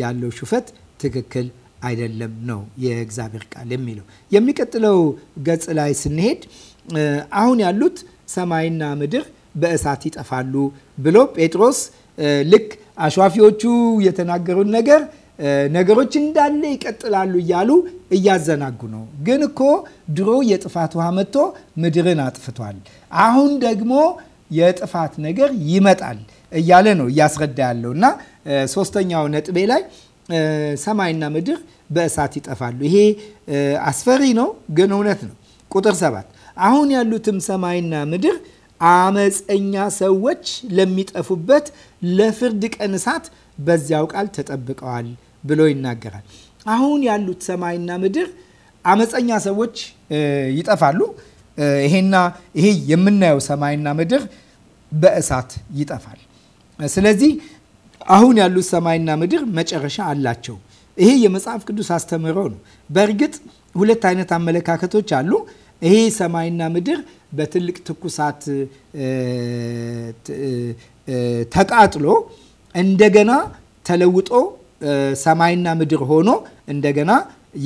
ያለው ሹፈት ትክክል አይደለም ነው የእግዚአብሔር ቃል የሚለው። የሚቀጥለው ገጽ ላይ ስንሄድ አሁን ያሉት ሰማይና ምድር በእሳት ይጠፋሉ ብሎ ጴጥሮስ ልክ አሿፊዎቹ የተናገሩን ነገር ነገሮች እንዳለ ይቀጥላሉ እያሉ እያዘናጉ ነው። ግን እኮ ድሮ የጥፋት ውሃ መጥቶ ምድርን አጥፍቷል። አሁን ደግሞ የጥፋት ነገር ይመጣል እያለ ነው እያስረዳ ያለው እና ሶስተኛው ነጥቤ ላይ ሰማይና ምድር በእሳት ይጠፋሉ። ይሄ አስፈሪ ነው፣ ግን እውነት ነው። ቁጥር ሰባት አሁን ያሉትም ሰማይና ምድር አመፀኛ ሰዎች ለሚጠፉበት ለፍርድ ቀን እሳት በዚያው ቃል ተጠብቀዋል ብሎ ይናገራል። አሁን ያሉት ሰማይና ምድር አመፀኛ ሰዎች ይጠፋሉ። ይሄና ይሄ የምናየው ሰማይና ምድር በእሳት ይጠፋል። ስለዚህ አሁን ያሉት ሰማይና ምድር መጨረሻ አላቸው። ይሄ የመጽሐፍ ቅዱስ አስተምህሮ ነው። በእርግጥ ሁለት አይነት አመለካከቶች አሉ። ይሄ ሰማይና ምድር በትልቅ ትኩሳት ተቃጥሎ እንደገና ተለውጦ ሰማይና ምድር ሆኖ እንደገና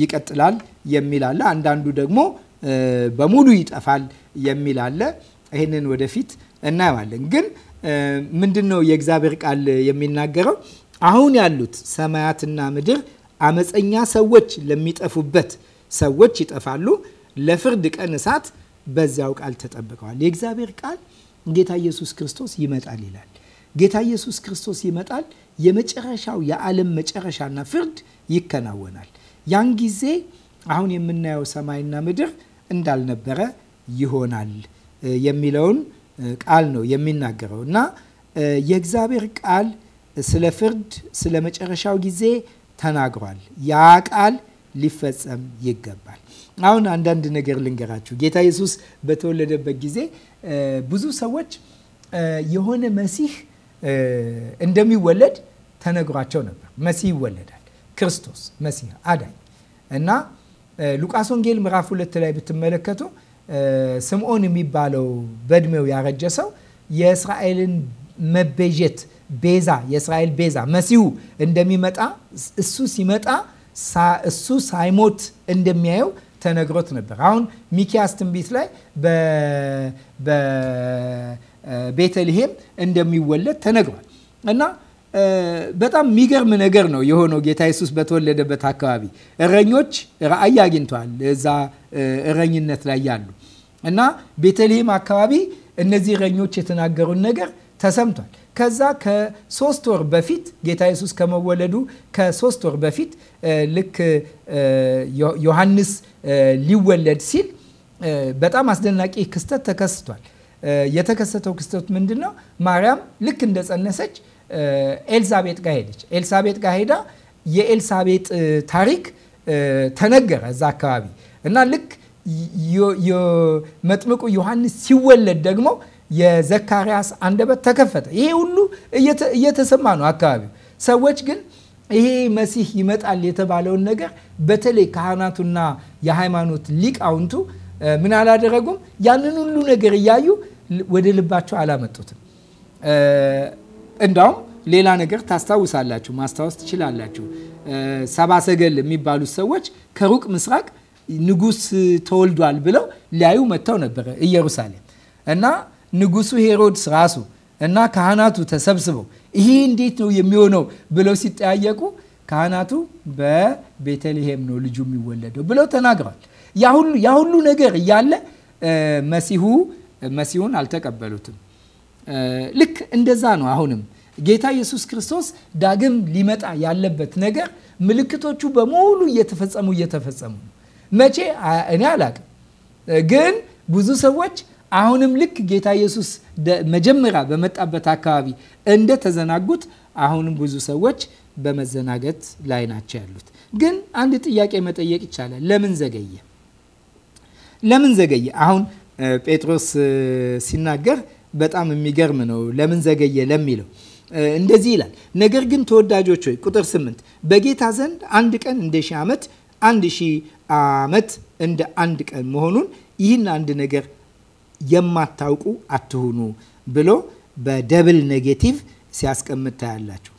ይቀጥላል የሚል አለ። አንዳንዱ ደግሞ በሙሉ ይጠፋል የሚል አለ። ይህንን ወደፊት እናየዋለን። ግን ምንድን ነው የእግዚአብሔር ቃል የሚናገረው? አሁን ያሉት ሰማያትና ምድር አመፀኛ ሰዎች ለሚጠፉበት ሰዎች ይጠፋሉ፣ ለፍርድ ቀን እሳት በዚያው ቃል ተጠብቀዋል። የእግዚአብሔር ቃል ጌታ ኢየሱስ ክርስቶስ ይመጣል ይላል ጌታ ኢየሱስ ክርስቶስ ይመጣል። የመጨረሻው የዓለም መጨረሻና ፍርድ ይከናወናል። ያን ጊዜ አሁን የምናየው ሰማይና ምድር እንዳልነበረ ይሆናል የሚለውን ቃል ነው የሚናገረው እና የእግዚአብሔር ቃል ስለ ፍርድ፣ ስለ መጨረሻው ጊዜ ተናግሯል። ያ ቃል ሊፈጸም ይገባል። አሁን አንዳንድ ነገር ልንገራችሁ። ጌታ ኢየሱስ በተወለደበት ጊዜ ብዙ ሰዎች የሆነ መሲህ እንደሚወለድ ተነግሯቸው ነበር። መሲህ ይወለዳል፣ ክርስቶስ መሲህ አዳኝ እና ሉቃስ ወንጌል ምዕራፍ ሁለት ላይ ብትመለከቱ ስምዖን የሚባለው በእድሜው ያረጀ ሰው የእስራኤልን መቤዠት ቤዛ የእስራኤል ቤዛ መሲሁ እንደሚመጣ እሱ ሲመጣ እሱ ሳይሞት እንደሚያየው ተነግሮት ነበር። አሁን ሚኪያስ ትንቢት ላይ ቤተልሔም እንደሚወለድ ተነግሯል እና በጣም የሚገርም ነገር ነው የሆነው። ጌታ ኢየሱስ በተወለደበት አካባቢ እረኞች ራእይ አግኝተዋል። እዛ እረኝነት ላይ ያሉ እና ቤተልሔም አካባቢ እነዚህ እረኞች የተናገሩን ነገር ተሰምቷል። ከዛ ከሶስት ወር በፊት ጌታ ኢየሱስ ከመወለዱ ከሶስት ወር በፊት ልክ ዮሐንስ ሊወለድ ሲል በጣም አስደናቂ ክስተት ተከስቷል። የተከሰተው ክስተት ምንድን ነው? ማርያም ልክ እንደጸነሰች ኤልሳቤጥ ጋር ሄደች። ኤልሳቤጥ ጋር ሄዳ የኤልሳቤጥ ታሪክ ተነገረ እዛ አካባቢ እና ልክ መጥምቁ ዮሐንስ ሲወለድ ደግሞ የዘካርያስ አንደበት ተከፈተ። ይሄ ሁሉ እየተሰማ ነው አካባቢው። ሰዎች ግን ይሄ መሲህ ይመጣል የተባለውን ነገር በተለይ ካህናቱና የሃይማኖት ሊቃውንቱ ምን አላደረጉም። ያንን ሁሉ ነገር እያዩ ወደ ልባቸው አላመጡትም። እንዳውም ሌላ ነገር ታስታውሳላችሁ፣ ማስታወስ ትችላላችሁ። ሰባ ሰገል የሚባሉት ሰዎች ከሩቅ ምስራቅ ንጉስ ተወልዷል ብለው ሊያዩ መጥተው ነበረ ኢየሩሳሌም እና ንጉሱ ሄሮድስ ራሱ እና ካህናቱ ተሰብስበው ይሄ እንዴት ነው የሚሆነው ብለው ሲጠያየቁ ካህናቱ በቤተልሔም ነው ልጁ የሚወለደው ብለው ተናግረዋል። ያ ሁሉ ነገር እያለ መሲሁ መሲሁን አልተቀበሉትም። ልክ እንደዛ ነው። አሁንም ጌታ ኢየሱስ ክርስቶስ ዳግም ሊመጣ ያለበት ነገር ምልክቶቹ በሙሉ እየተፈጸሙ እየተፈጸሙ መቼ እኔ አላቅም፣ ግን ብዙ ሰዎች አሁንም ልክ ጌታ ኢየሱስ መጀመሪያ በመጣበት አካባቢ እንደተዘናጉት አሁንም ብዙ ሰዎች በመዘናገት ላይ ናቸው ያሉት። ግን አንድ ጥያቄ መጠየቅ ይቻላል። ለምን ዘገየ? ለምን ዘገየ? አሁን ጴጥሮስ ሲናገር በጣም የሚገርም ነው። ለምን ዘገየ ለሚለው እንደዚህ ይላል። ነገር ግን ተወዳጆች ሆይ ቁጥር ስምንት በጌታ ዘንድ አንድ ቀን እንደ ሺህ ዓመት አንድ ሺህ ዓመት እንደ አንድ ቀን መሆኑን ይህን አንድ ነገር የማታውቁ አትሁኑ ብሎ በደብል ኔጌቲቭ ሲያስቀምጥ ታያላችሁ።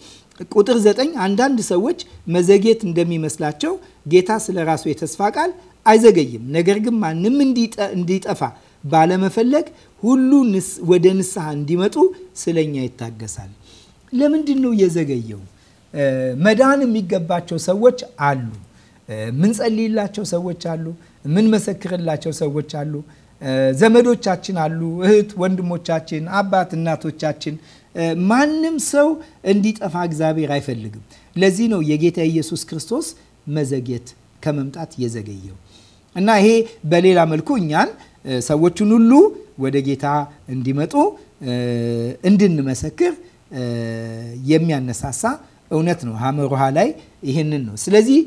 ቁጥር ዘጠኝ አንዳንድ ሰዎች መዘግየት እንደሚመስላቸው ጌታ ስለ ራሱ የተስፋ ቃል አይዘገይም። ነገር ግን ማንም እንዲጠፋ ባለመፈለግ ሁሉ ወደ ንስሐ እንዲመጡ ስለኛ ይታገሳል። ለምንድን ነው የዘገየው? መዳን የሚገባቸው ሰዎች አሉ። ምንጸልይላቸው ሰዎች አሉ። ምንመሰክርላቸው ሰዎች አሉ። ዘመዶቻችን አሉ፣ እህት ወንድሞቻችን፣ አባት እናቶቻችን። ማንም ሰው እንዲጠፋ እግዚአብሔር አይፈልግም። ለዚህ ነው የጌታ ኢየሱስ ክርስቶስ መዘግየት ከመምጣት የዘገየው። እና ይሄ በሌላ መልኩ እኛን ሰዎቹን ሁሉ ወደ ጌታ እንዲመጡ እንድንመሰክር የሚያነሳሳ እውነት ነው። ሀመሮሃ ላይ ይህንን ነው። ስለዚህ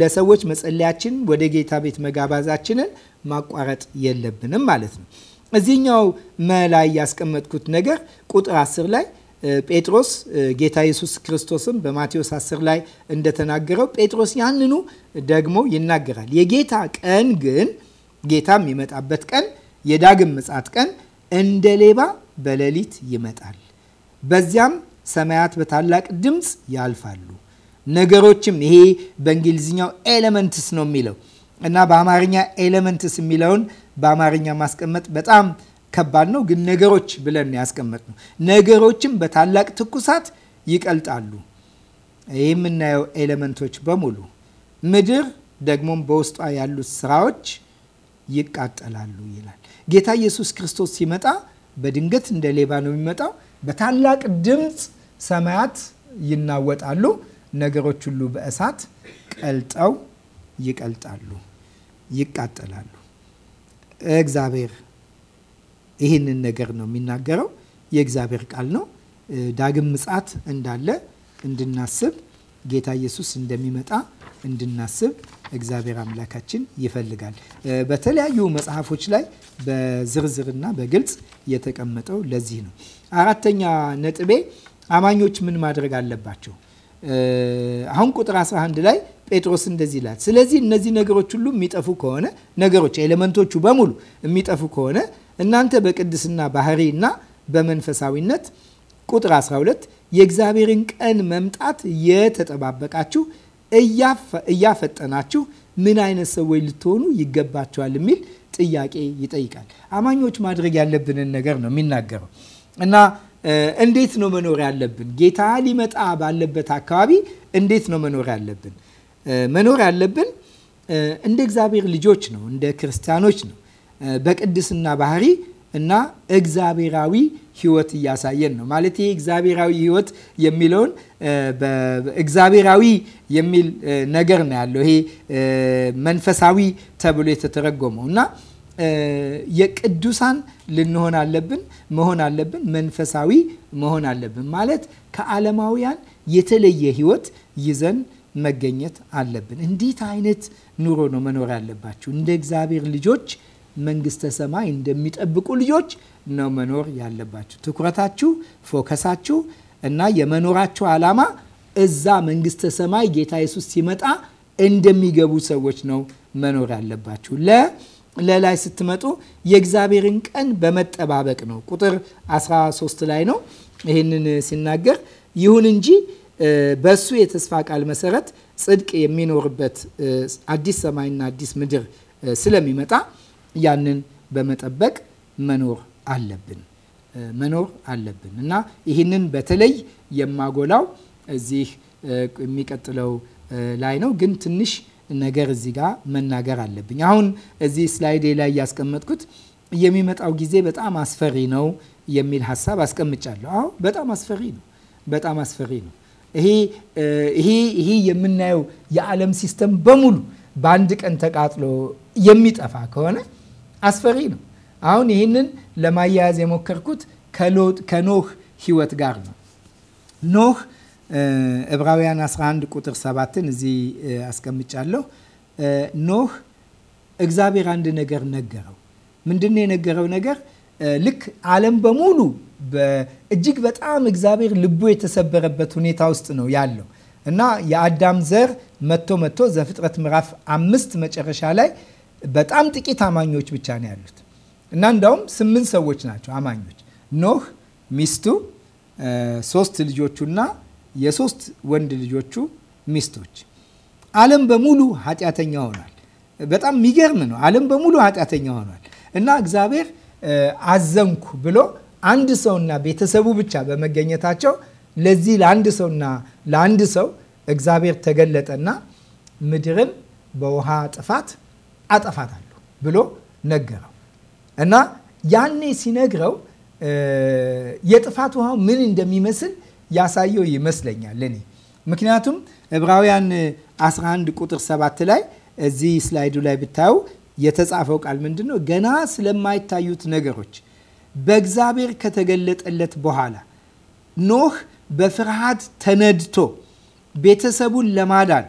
ለሰዎች መጸለያችን፣ ወደ ጌታ ቤት መጋባዛችንን ማቋረጥ የለብንም ማለት ነው። እዚህኛው መላይ ያስቀመጥኩት ነገር ቁጥር አስር ላይ ጴጥሮስ ጌታ ኢየሱስ ክርስቶስም በማቴዎስ 10 ላይ እንደተናገረው ጴጥሮስ ያንኑ ደግሞ ይናገራል። የጌታ ቀን ግን ጌታ የሚመጣበት ቀን የዳግም ምጽአት ቀን እንደ ሌባ በሌሊት ይመጣል። በዚያም ሰማያት በታላቅ ድምፅ ያልፋሉ። ነገሮችም ይሄ በእንግሊዝኛው ኤሌመንትስ ነው የሚለው እና በአማርኛ ኤሌመንትስ የሚለውን በአማርኛ ማስቀመጥ በጣም ከባድ ነው፣ ግን ነገሮች ብለን ያስቀመጥ ነው። ነገሮችም በታላቅ ትኩሳት ይቀልጣሉ። ይህ የምናየው ኤሌመንቶች በሙሉ ምድር ደግሞም በውስጧ ያሉት ስራዎች ይቃጠላሉ ይላል። ጌታ ኢየሱስ ክርስቶስ ሲመጣ በድንገት እንደ ሌባ ነው የሚመጣው። በታላቅ ድምፅ ሰማያት ይናወጣሉ፣ ነገሮች ሁሉ በእሳት ቀልጠው ይቀልጣሉ፣ ይቃጠላሉ። እግዚአብሔር ይህንን ነገር ነው የሚናገረው። የእግዚአብሔር ቃል ነው። ዳግም ምጽአት እንዳለ እንድናስብ ጌታ ኢየሱስ እንደሚመጣ እንድናስብ እግዚአብሔር አምላካችን ይፈልጋል። በተለያዩ መጽሐፎች ላይ በዝርዝርና በግልጽ የተቀመጠው ለዚህ ነው። አራተኛ ነጥቤ አማኞች ምን ማድረግ አለባቸው? አሁን ቁጥር 11 ላይ ጴጥሮስ እንደዚህ ይላል፣ ስለዚህ እነዚህ ነገሮች ሁሉ የሚጠፉ ከሆነ ነገሮች ኤሌመንቶቹ በሙሉ የሚጠፉ ከሆነ እናንተ በቅድስና ባህሪ እና በመንፈሳዊነት ቁጥር 12 የእግዚአብሔርን ቀን መምጣት የተጠባበቃችሁ እያፈጠናችሁ ምን አይነት ሰዎች ልትሆኑ ይገባቸዋል የሚል ጥያቄ ይጠይቃል። አማኞች ማድረግ ያለብንን ነገር ነው የሚናገረው እና እንዴት ነው መኖር ያለብን? ጌታ ሊመጣ ባለበት አካባቢ እንዴት ነው መኖር ያለብን? መኖር ያለብን እንደ እግዚአብሔር ልጆች ነው፣ እንደ ክርስቲያኖች ነው። በቅድስና ባህሪ እና እግዚአብሔራዊ ህይወት እያሳየን ነው። ማለት ይህ እግዚአብሔራዊ ህይወት የሚለውን እግዚአብሔራዊ የሚል ነገር ነው ያለው። ይሄ መንፈሳዊ ተብሎ የተተረጎመው እና የቅዱሳን ልንሆን አለብን መሆን አለብን መንፈሳዊ መሆን አለብን። ማለት ከዓለማውያን የተለየ ህይወት ይዘን መገኘት አለብን። እንዴት አይነት ኑሮ ነው መኖር ያለባችሁ እንደ እግዚአብሔር ልጆች መንግስተ ሰማይ እንደሚጠብቁ ልጆች ነው መኖር ያለባችሁ። ትኩረታችሁ፣ ፎከሳችሁ እና የመኖራችሁ ዓላማ እዛ መንግስተ ሰማይ ጌታ ኢየሱስ ሲመጣ እንደሚገቡ ሰዎች ነው መኖር ያለባችሁ። ለ ለላይ ስትመጡ የእግዚአብሔርን ቀን በመጠባበቅ ነው። ቁጥር 13 ላይ ነው ይህንን ሲናገር ይሁን እንጂ በእሱ የተስፋ ቃል መሰረት ጽድቅ የሚኖርበት አዲስ ሰማይና አዲስ ምድር ስለሚመጣ ያንን በመጠበቅ መኖር አለብን መኖር አለብን እና ይህንን በተለይ የማጎላው እዚህ የሚቀጥለው ላይ ነው። ግን ትንሽ ነገር እዚህ ጋር መናገር አለብኝ። አሁን እዚህ ስላይዴ ላይ ያስቀመጥኩት የሚመጣው ጊዜ በጣም አስፈሪ ነው የሚል ሀሳብ አስቀምጫለሁ። አዎ በጣም አስፈሪ ነው። በጣም አስፈሪ ነው። ይሄ የምናየው የዓለም ሲስተም በሙሉ በአንድ ቀን ተቃጥሎ የሚጠፋ ከሆነ አስፈሪ ነው። አሁን ይህንን ለማያያዝ የሞከርኩት ከኖህ ህይወት ጋር ነው። ኖህ ዕብራውያን 11 ቁጥር 7ን እዚህ አስቀምጫለሁ። ኖህ እግዚአብሔር አንድ ነገር ነገረው። ምንድነው የነገረው ነገር? ልክ ዓለም በሙሉ እጅግ በጣም እግዚአብሔር ልቡ የተሰበረበት ሁኔታ ውስጥ ነው ያለው እና የአዳም ዘር መቶ መቶ ዘፍጥረት ምዕራፍ አምስት መጨረሻ ላይ በጣም ጥቂት አማኞች ብቻ ነው ያሉት እና እንዳውም ስምንት ሰዎች ናቸው አማኞች ኖህ፣ ሚስቱ፣ ሶስት ልጆቹና የሶስት ወንድ ልጆቹ ሚስቶች። ዓለም በሙሉ ኃጢአተኛ ሆኗል። በጣም የሚገርም ነው። ዓለም በሙሉ ኃጢአተኛ ሆኗል እና እግዚአብሔር አዘንኩ ብሎ አንድ ሰውና ቤተሰቡ ብቻ በመገኘታቸው ለዚህ ለአንድ ሰውና ለአንድ ሰው እግዚአብሔር ተገለጠና ምድርን በውሃ ጥፋት አጠፋታለሁ ብሎ ነገረው እና ያኔ ሲነግረው የጥፋት ውሃው ምን እንደሚመስል ያሳየው ይመስለኛል እኔ ምክንያቱም ዕብራውያን 11 ቁጥር 7 ላይ እዚህ ስላይዱ ላይ ብታዩ የተጻፈው ቃል ምንድን ነው? ገና ስለማይታዩት ነገሮች በእግዚአብሔር ከተገለጠለት በኋላ ኖህ በፍርሃት ተነድቶ ቤተሰቡን ለማዳን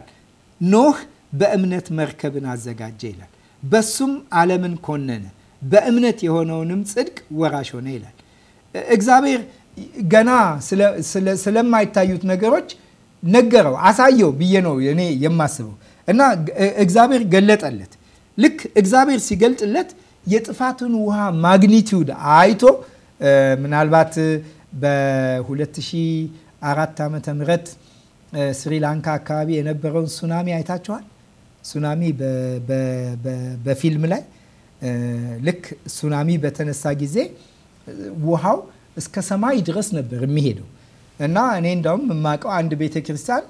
ኖህ በእምነት መርከብን አዘጋጀ ይላል። በሱም ዓለምን ኮነነ፣ በእምነት የሆነውንም ጽድቅ ወራሽ ሆነ ይላል። እግዚአብሔር ገና ስለማይታዩት ነገሮች ነገረው፣ አሳየው ብዬ ነው እኔ የማስበው እና እግዚአብሔር ገለጠለት። ልክ እግዚአብሔር ሲገልጥለት የጥፋቱን ውሃ ማግኒቲዩድ አይቶ ምናልባት በ2004 ዓ ም ስሪላንካ አካባቢ የነበረውን ሱናሚ አይታችኋል። ሱናሚ በፊልም ላይ ልክ ሱናሚ በተነሳ ጊዜ ውሃው እስከ ሰማይ ድረስ ነበር የሚሄደው እና እኔ እንደውም የማውቀው አንድ ቤተ ክርስቲያን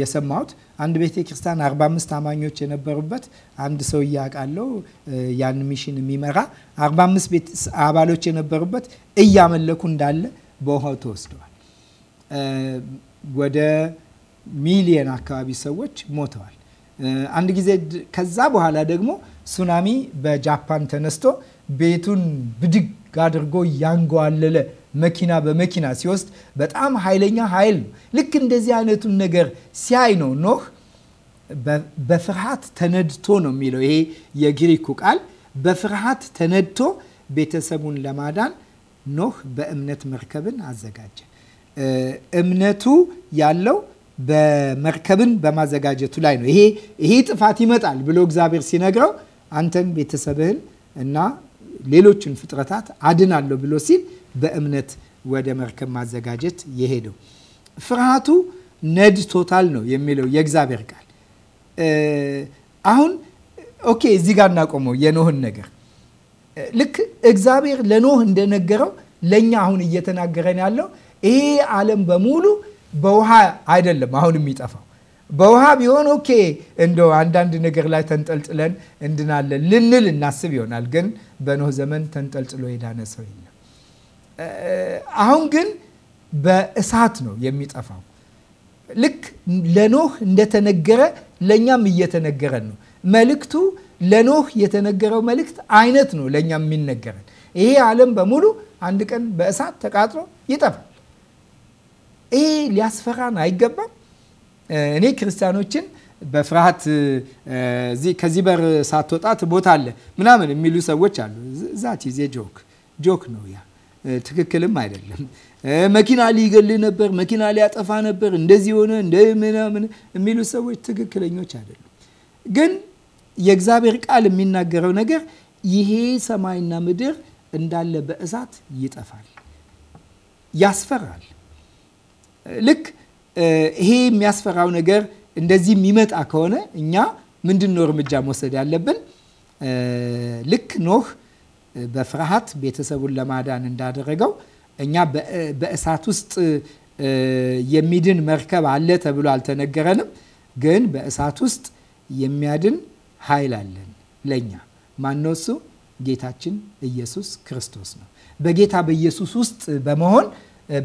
የሰማሁት አንድ ቤተ ክርስቲያን 45 አማኞች የነበሩበት አንድ ሰው አውቃለሁ፣ ያን ሚሽን የሚመራ 45 አባሎች የነበሩበት እያመለኩ እንዳለ በውሃው ተወስደዋል። ወደ ሚሊየን አካባቢ ሰዎች ሞተዋል። አንድ ጊዜ ከዛ በኋላ ደግሞ ሱናሚ በጃፓን ተነስቶ ቤቱን ብድግ አድርጎ እያንገዋለለ መኪና በመኪና ሲወስድ በጣም ኃይለኛ ኃይል ነው። ልክ እንደዚህ አይነቱን ነገር ሲያይ ነው ኖህ በፍርሃት ተነድቶ ነው የሚለው ይሄ የግሪኩ ቃል። በፍርሃት ተነድቶ ቤተሰቡን ለማዳን ኖህ በእምነት መርከብን አዘጋጀ። እምነቱ ያለው በመርከብን በማዘጋጀቱ ላይ ነው። ይሄ ይሄ ጥፋት ይመጣል ብሎ እግዚአብሔር ሲነግረው አንተን ቤተሰብህን እና ሌሎችን ፍጥረታት አድናለሁ ብሎ ሲል በእምነት ወደ መርከብ ማዘጋጀት የሄደው ፍርሃቱ ነድቶታል ነው የሚለው የእግዚአብሔር ቃል። አሁን ኦኬ፣ እዚህ ጋር እናቆመው የኖህን ነገር ልክ እግዚአብሔር ለኖህ እንደነገረው ለእኛ አሁን እየተናገረን ያለው ይሄ ዓለም በሙሉ በውሃ አይደለም አሁን የሚጠፋው። በውሃ ቢሆን ኦኬ እንደ አንዳንድ ነገር ላይ ተንጠልጥለን እንድናለን ልንል እናስብ ይሆናል። ግን በኖህ ዘመን ተንጠልጥሎ የዳነ ሰው የለም። አሁን ግን በእሳት ነው የሚጠፋው። ልክ ለኖህ እንደተነገረ ለእኛም እየተነገረን ነው። መልእክቱ ለኖህ የተነገረው መልእክት አይነት ነው ለእኛም የሚነገረን። ይሄ ዓለም በሙሉ አንድ ቀን በእሳት ተቃጥሎ ይጠፋል። ይህ ሊያስፈራን አይገባም። እኔ ክርስቲያኖችን በፍርሃት ከዚህ በር ሳትወጣ ቦታ አለ ምናምን የሚሉ ሰዎች አሉ። ዛት ዜ ጆክ ጆክ ነው ያ ትክክልም አይደለም። መኪና ሊገል ነበር፣ መኪና ሊያጠፋ ነበር፣ እንደዚህ ሆነ ምናምን የሚሉ ሰዎች ትክክለኞች አይደሉም። ግን የእግዚአብሔር ቃል የሚናገረው ነገር ይሄ ሰማይና ምድር እንዳለ በእሳት ይጠፋል፣ ያስፈራል ልክ ይሄ የሚያስፈራው ነገር እንደዚህ የሚመጣ ከሆነ እኛ ምንድን ነው እርምጃ መውሰድ ያለብን? ልክ ኖህ በፍርሃት ቤተሰቡን ለማዳን እንዳደረገው እኛ በእሳት ውስጥ የሚድን መርከብ አለ ተብሎ አልተነገረንም። ግን በእሳት ውስጥ የሚያድን ኃይል አለን ለእኛ። ማነው እሱ? ጌታችን ኢየሱስ ክርስቶስ ነው። በጌታ በኢየሱስ ውስጥ በመሆን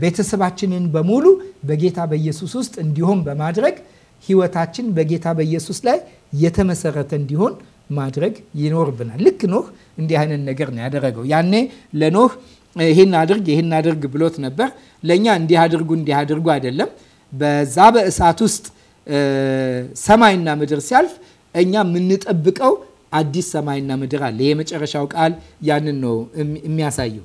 ቤተሰባችንን በሙሉ በጌታ በኢየሱስ ውስጥ እንዲሆን በማድረግ ህይወታችን በጌታ በኢየሱስ ላይ የተመሰረተ እንዲሆን ማድረግ ይኖርብናል። ልክ ኖህ እንዲህ አይነት ነገር ነው ያደረገው። ያኔ ለኖህ ይህን አድርግ ይህን አድርግ ብሎት ነበር። ለእኛ እንዲህ አድርጉ እንዲህ አድርጉ አይደለም። በዛ በእሳት ውስጥ ሰማይና ምድር ሲያልፍ እኛ የምንጠብቀው አዲስ ሰማይና ምድር አለ። የመጨረሻው ቃል ያንን ነው የሚያሳየው።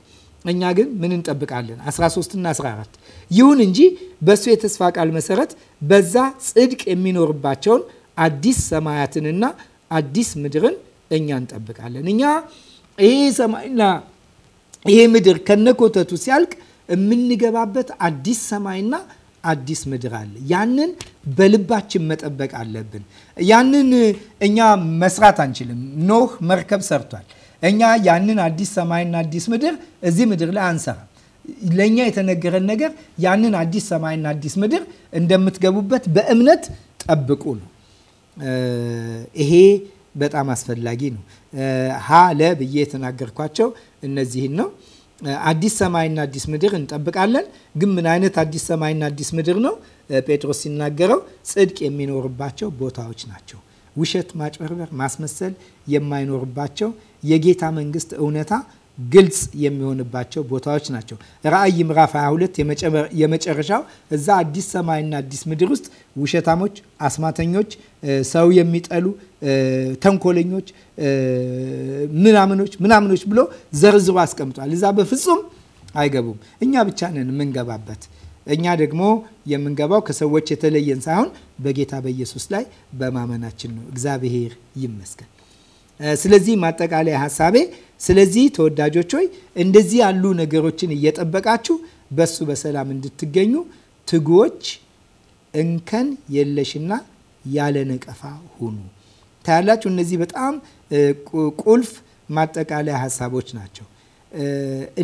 እኛ ግን ምን እንጠብቃለን? 13 እና 14 ይሁን እንጂ በእሱ የተስፋ ቃል መሰረት በዛ ጽድቅ የሚኖርባቸውን አዲስ ሰማያትንና አዲስ ምድርን እኛ እንጠብቃለን። እኛ ይሄ ሰማይና ይሄ ምድር ከነኮተቱ ሲያልቅ የምንገባበት አዲስ ሰማይና አዲስ ምድር አለ። ያንን በልባችን መጠበቅ አለብን። ያንን እኛ መስራት አንችልም። ኖህ መርከብ ሰርቷል። እኛ ያንን አዲስ ሰማይና አዲስ ምድር እዚህ ምድር ላይ አንሰራ። ለእኛ የተነገረን ነገር ያንን አዲስ ሰማይና አዲስ ምድር እንደምትገቡበት በእምነት ጠብቁ ነው። ይሄ በጣም አስፈላጊ ነው። ሀ ለ ብዬ የተናገርኳቸው እነዚህን ነው። አዲስ ሰማይና አዲስ ምድር እንጠብቃለን። ግን ምን አይነት አዲስ ሰማይና አዲስ ምድር ነው? ጴጥሮስ ሲናገረው ጽድቅ የሚኖርባቸው ቦታዎች ናቸው። ውሸት፣ ማጭበርበር፣ ማስመሰል የማይኖርባቸው የጌታ መንግስት እውነታ ግልጽ የሚሆንባቸው ቦታዎች ናቸው። ራእይ ምዕራፍ 22 የመጨረሻው እዛ አዲስ ሰማይና አዲስ ምድር ውስጥ ውሸታሞች፣ አስማተኞች፣ ሰው የሚጠሉ ተንኮለኞች፣ ምናምኖች ምናምኖች ብሎ ዘርዝሮ አስቀምጧል። እዛ በፍጹም አይገቡም። እኛ ብቻ ነን የምንገባበት እኛ ደግሞ የምንገባው ከሰዎች የተለየን ሳይሆን በጌታ በኢየሱስ ላይ በማመናችን ነው። እግዚአብሔር ይመስገን። ስለዚህ ማጠቃለያ ሀሳቤ፣ ስለዚህ ተወዳጆች ሆይ እንደዚህ ያሉ ነገሮችን እየጠበቃችሁ በሱ በሰላም እንድትገኙ ትጉዎች፣ እንከን የለሽና ያለ ነቀፋ ሁኑ። ታያላችሁ፣ እነዚህ በጣም ቁልፍ ማጠቃለያ ሀሳቦች ናቸው።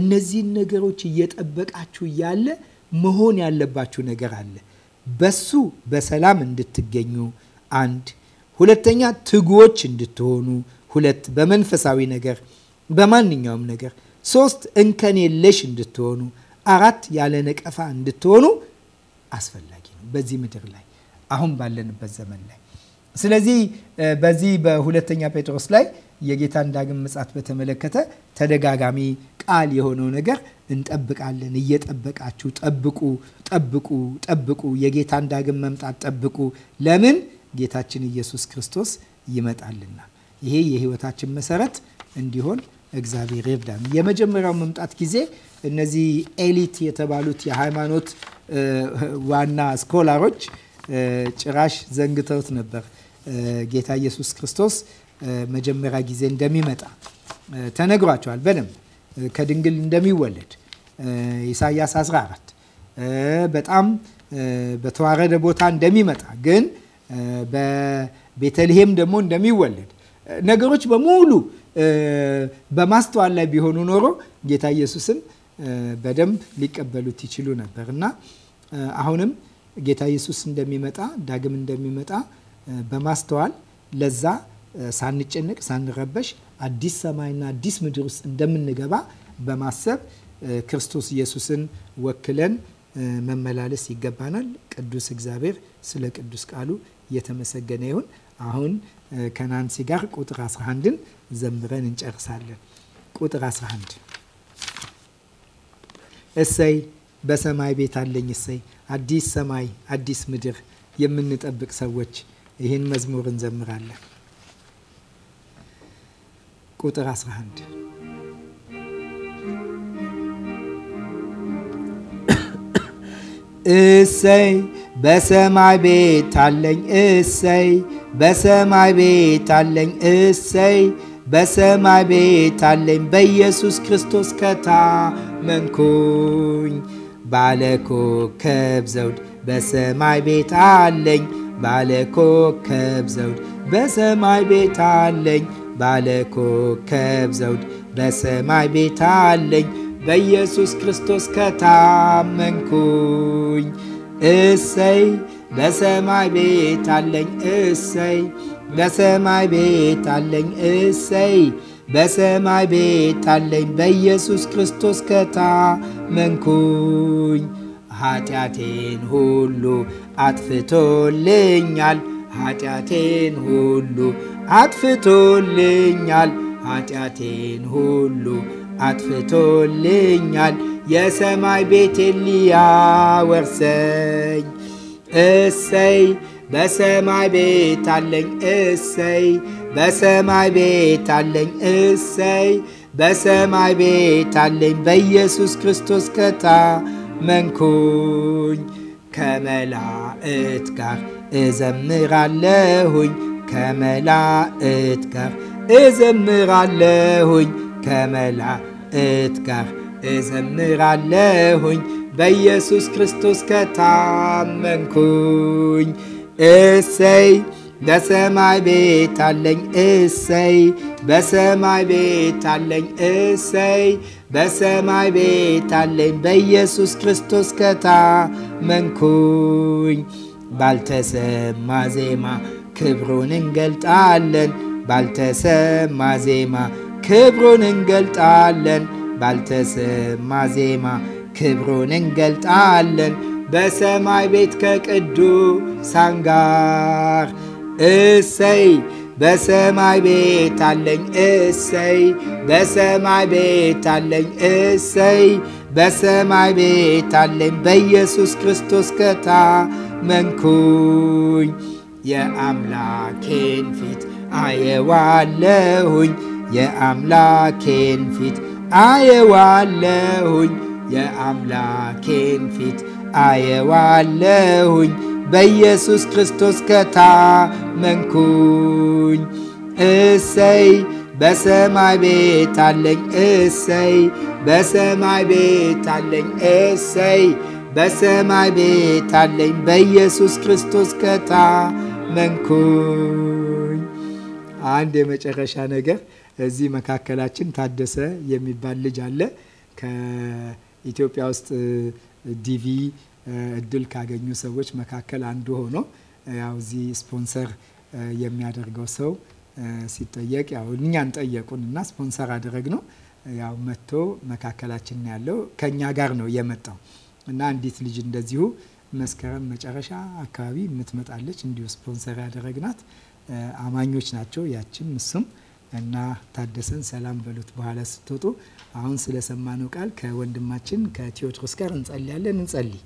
እነዚህን ነገሮች እየጠበቃችሁ ያለ መሆን ያለባችሁ ነገር አለ። በሱ በሰላም እንድትገኙ አንድ፣ ሁለተኛ ትጉዎች እንድትሆኑ ሁለት፣ በመንፈሳዊ ነገር በማንኛውም ነገር ሶስት፣ እንከን የለሽ እንድትሆኑ አራት፣ ያለ ነቀፋ እንድትሆኑ አስፈላጊ ነው በዚህ ምድር ላይ አሁን ባለንበት ዘመን ላይ። ስለዚህ በዚህ በሁለተኛ ጴጥሮስ ላይ የጌታን ዳግም ምጽአት በተመለከተ ተደጋጋሚ ቃል የሆነው ነገር እንጠብቃለን። እየጠበቃችሁ ጠብቁ፣ ጠብቁ፣ ጠብቁ፣ የጌታን ዳግም መምጣት ጠብቁ። ለምን? ጌታችን ኢየሱስ ክርስቶስ ይመጣልና። ይሄ የህይወታችን መሰረት እንዲሆን እግዚአብሔር ይርዳን። የመጀመሪያው መምጣት ጊዜ እነዚህ ኤሊት የተባሉት የሃይማኖት ዋና ስኮላሮች ጭራሽ ዘንግተውት ነበር ጌታ ኢየሱስ ክርስቶስ መጀመሪያ ጊዜ እንደሚመጣ ተነግሯቸዋል። በደንብ ከድንግል እንደሚወለድ ኢሳያስ 14 በጣም በተዋረደ ቦታ እንደሚመጣ ግን በቤተልሔም ደግሞ እንደሚወለድ ነገሮች በሙሉ በማስተዋል ላይ ቢሆኑ ኖሮ ጌታ ኢየሱስን በደንብ ሊቀበሉት ይችሉ ነበር እና አሁንም ጌታ ኢየሱስ እንደሚመጣ ዳግም እንደሚመጣ በማስተዋል ለዛ ሳንጨነቅ ሳንረበሽ አዲስ ሰማይና አዲስ ምድር ውስጥ እንደምንገባ በማሰብ ክርስቶስ ኢየሱስን ወክለን መመላለስ ይገባናል። ቅዱስ እግዚአብሔር ስለ ቅዱስ ቃሉ እየተመሰገነ ይሁን። አሁን ከናንሲ ጋር ቁጥር 11ን ዘምረን እንጨርሳለን። ቁጥር 11 እሰይ በሰማይ ቤት አለኝ እሰይ አዲስ ሰማይ አዲስ ምድር የምንጠብቅ ሰዎች ይህን መዝሙር እንዘምራለን። Gute Rasrahand. እሰይ በሰማይ ቤት አለኝ እሰይ በሰማይ ቤት አለኝ እሰይ በሰማይ ቤት አለኝ በኢየሱስ ክርስቶስ ከታመንኩኝ ባለኮከብ ዘውድ በሰማይ ቤት አለኝ ባለኮከብ ዘውድ በሰማይ ቤት አለኝ ባለ ኮከብ ዘውድ በሰማይ ቤት አለኝ በኢየሱስ ክርስቶስ ከታመንኩኝ እሰይ በሰማይ ቤት አለኝ እሰይ በሰማይ ቤት አለኝ እሰይ በሰማይ ቤት አለኝ በኢየሱስ ክርስቶስ ከታመንኩኝ ኃጢአቴን ሁሉ አጥፍቶልኛል ኃጢአቴን ሁሉ አጥፍቶልኛል ኃጢአቴን ሁሉ አጥፍቶልኛል የሰማይ ቤቴን ሊያወርሰኝ እሰይ በሰማይ ቤት አለኝ እሰይ በሰማይ ቤት አለኝ እሰይ በሰማይ ቤት አለኝ በኢየሱስ ክርስቶስ ከታመንኩኝ ከመላእክት ጋር እዘምራለሁኝ ከመላ ጋር እዘምራለሁኝ ከመላእት ጋር እዘምራለሁኝ በኢየሱስ ክርስቶስ ከታመንኩኝ። እሰይ በሰማይ ቤት አለኝ እሰይ በሰማይ ቤት አለኝ እሰይ በሰማይ ቤት አለኝ በኢየሱስ ክርስቶስ ከታመንኩኝ። ባልተሰማ ዜማ ክብሩን እንገልጣለን ባልተሰማ ዜማ ክብሩን እንገልጣለን ባልተሰማ ዜማ ክብሩን እንገልጣለን በሰማይ ቤት ከቅዱሳን ጋር እሰይ በሰማይ ቤት አለኝ እሰይ በሰማይ ቤት አለኝ እሰይ በሰማይ ቤት አለኝ በኢየሱስ ክርስቶስ ከታ መንኩኝ የአምላኬን ፊት አየዋለሁኝ የአምላኬን ፊት አየዋለሁኝ የአምላኬን ፊት አየዋለሁኝ በኢየሱስ ክርስቶስ ከታ መንኩኝ እሰይ በሰማይ ቤት አለኝ እሰይ በሰማይ ቤት አለኝ እሰይ በሰማይ ቤት አለኝ በኢየሱስ ክርስቶስ ከታመንኩኝ። አንድ የመጨረሻ ነገር እዚህ መካከላችን ታደሰ የሚባል ልጅ አለ። ከኢትዮጵያ ውስጥ ዲቪ እድል ካገኙ ሰዎች መካከል አንዱ ሆኖ ያው እዚህ ስፖንሰር የሚያደርገው ሰው ሲጠየቅ ያው እኛን ጠየቁን እና ስፖንሰር አደረግ ነው። ያው መጥቶ መካከላችን ያለው ከእኛ ጋር ነው የመጣው እና አንዲት ልጅ እንደዚሁ መስከረም መጨረሻ አካባቢ የምትመጣለች እንዲሁ ስፖንሰር ያደረግናት አማኞች ናቸው። ያችም እሱም እና ታደሰን ሰላም በሉት በኋላ ስትወጡ። አሁን ስለሰማነው ቃል ከወንድማችን ከቴዎድሮስ ጋር እንጸልያለን። እንጸልይ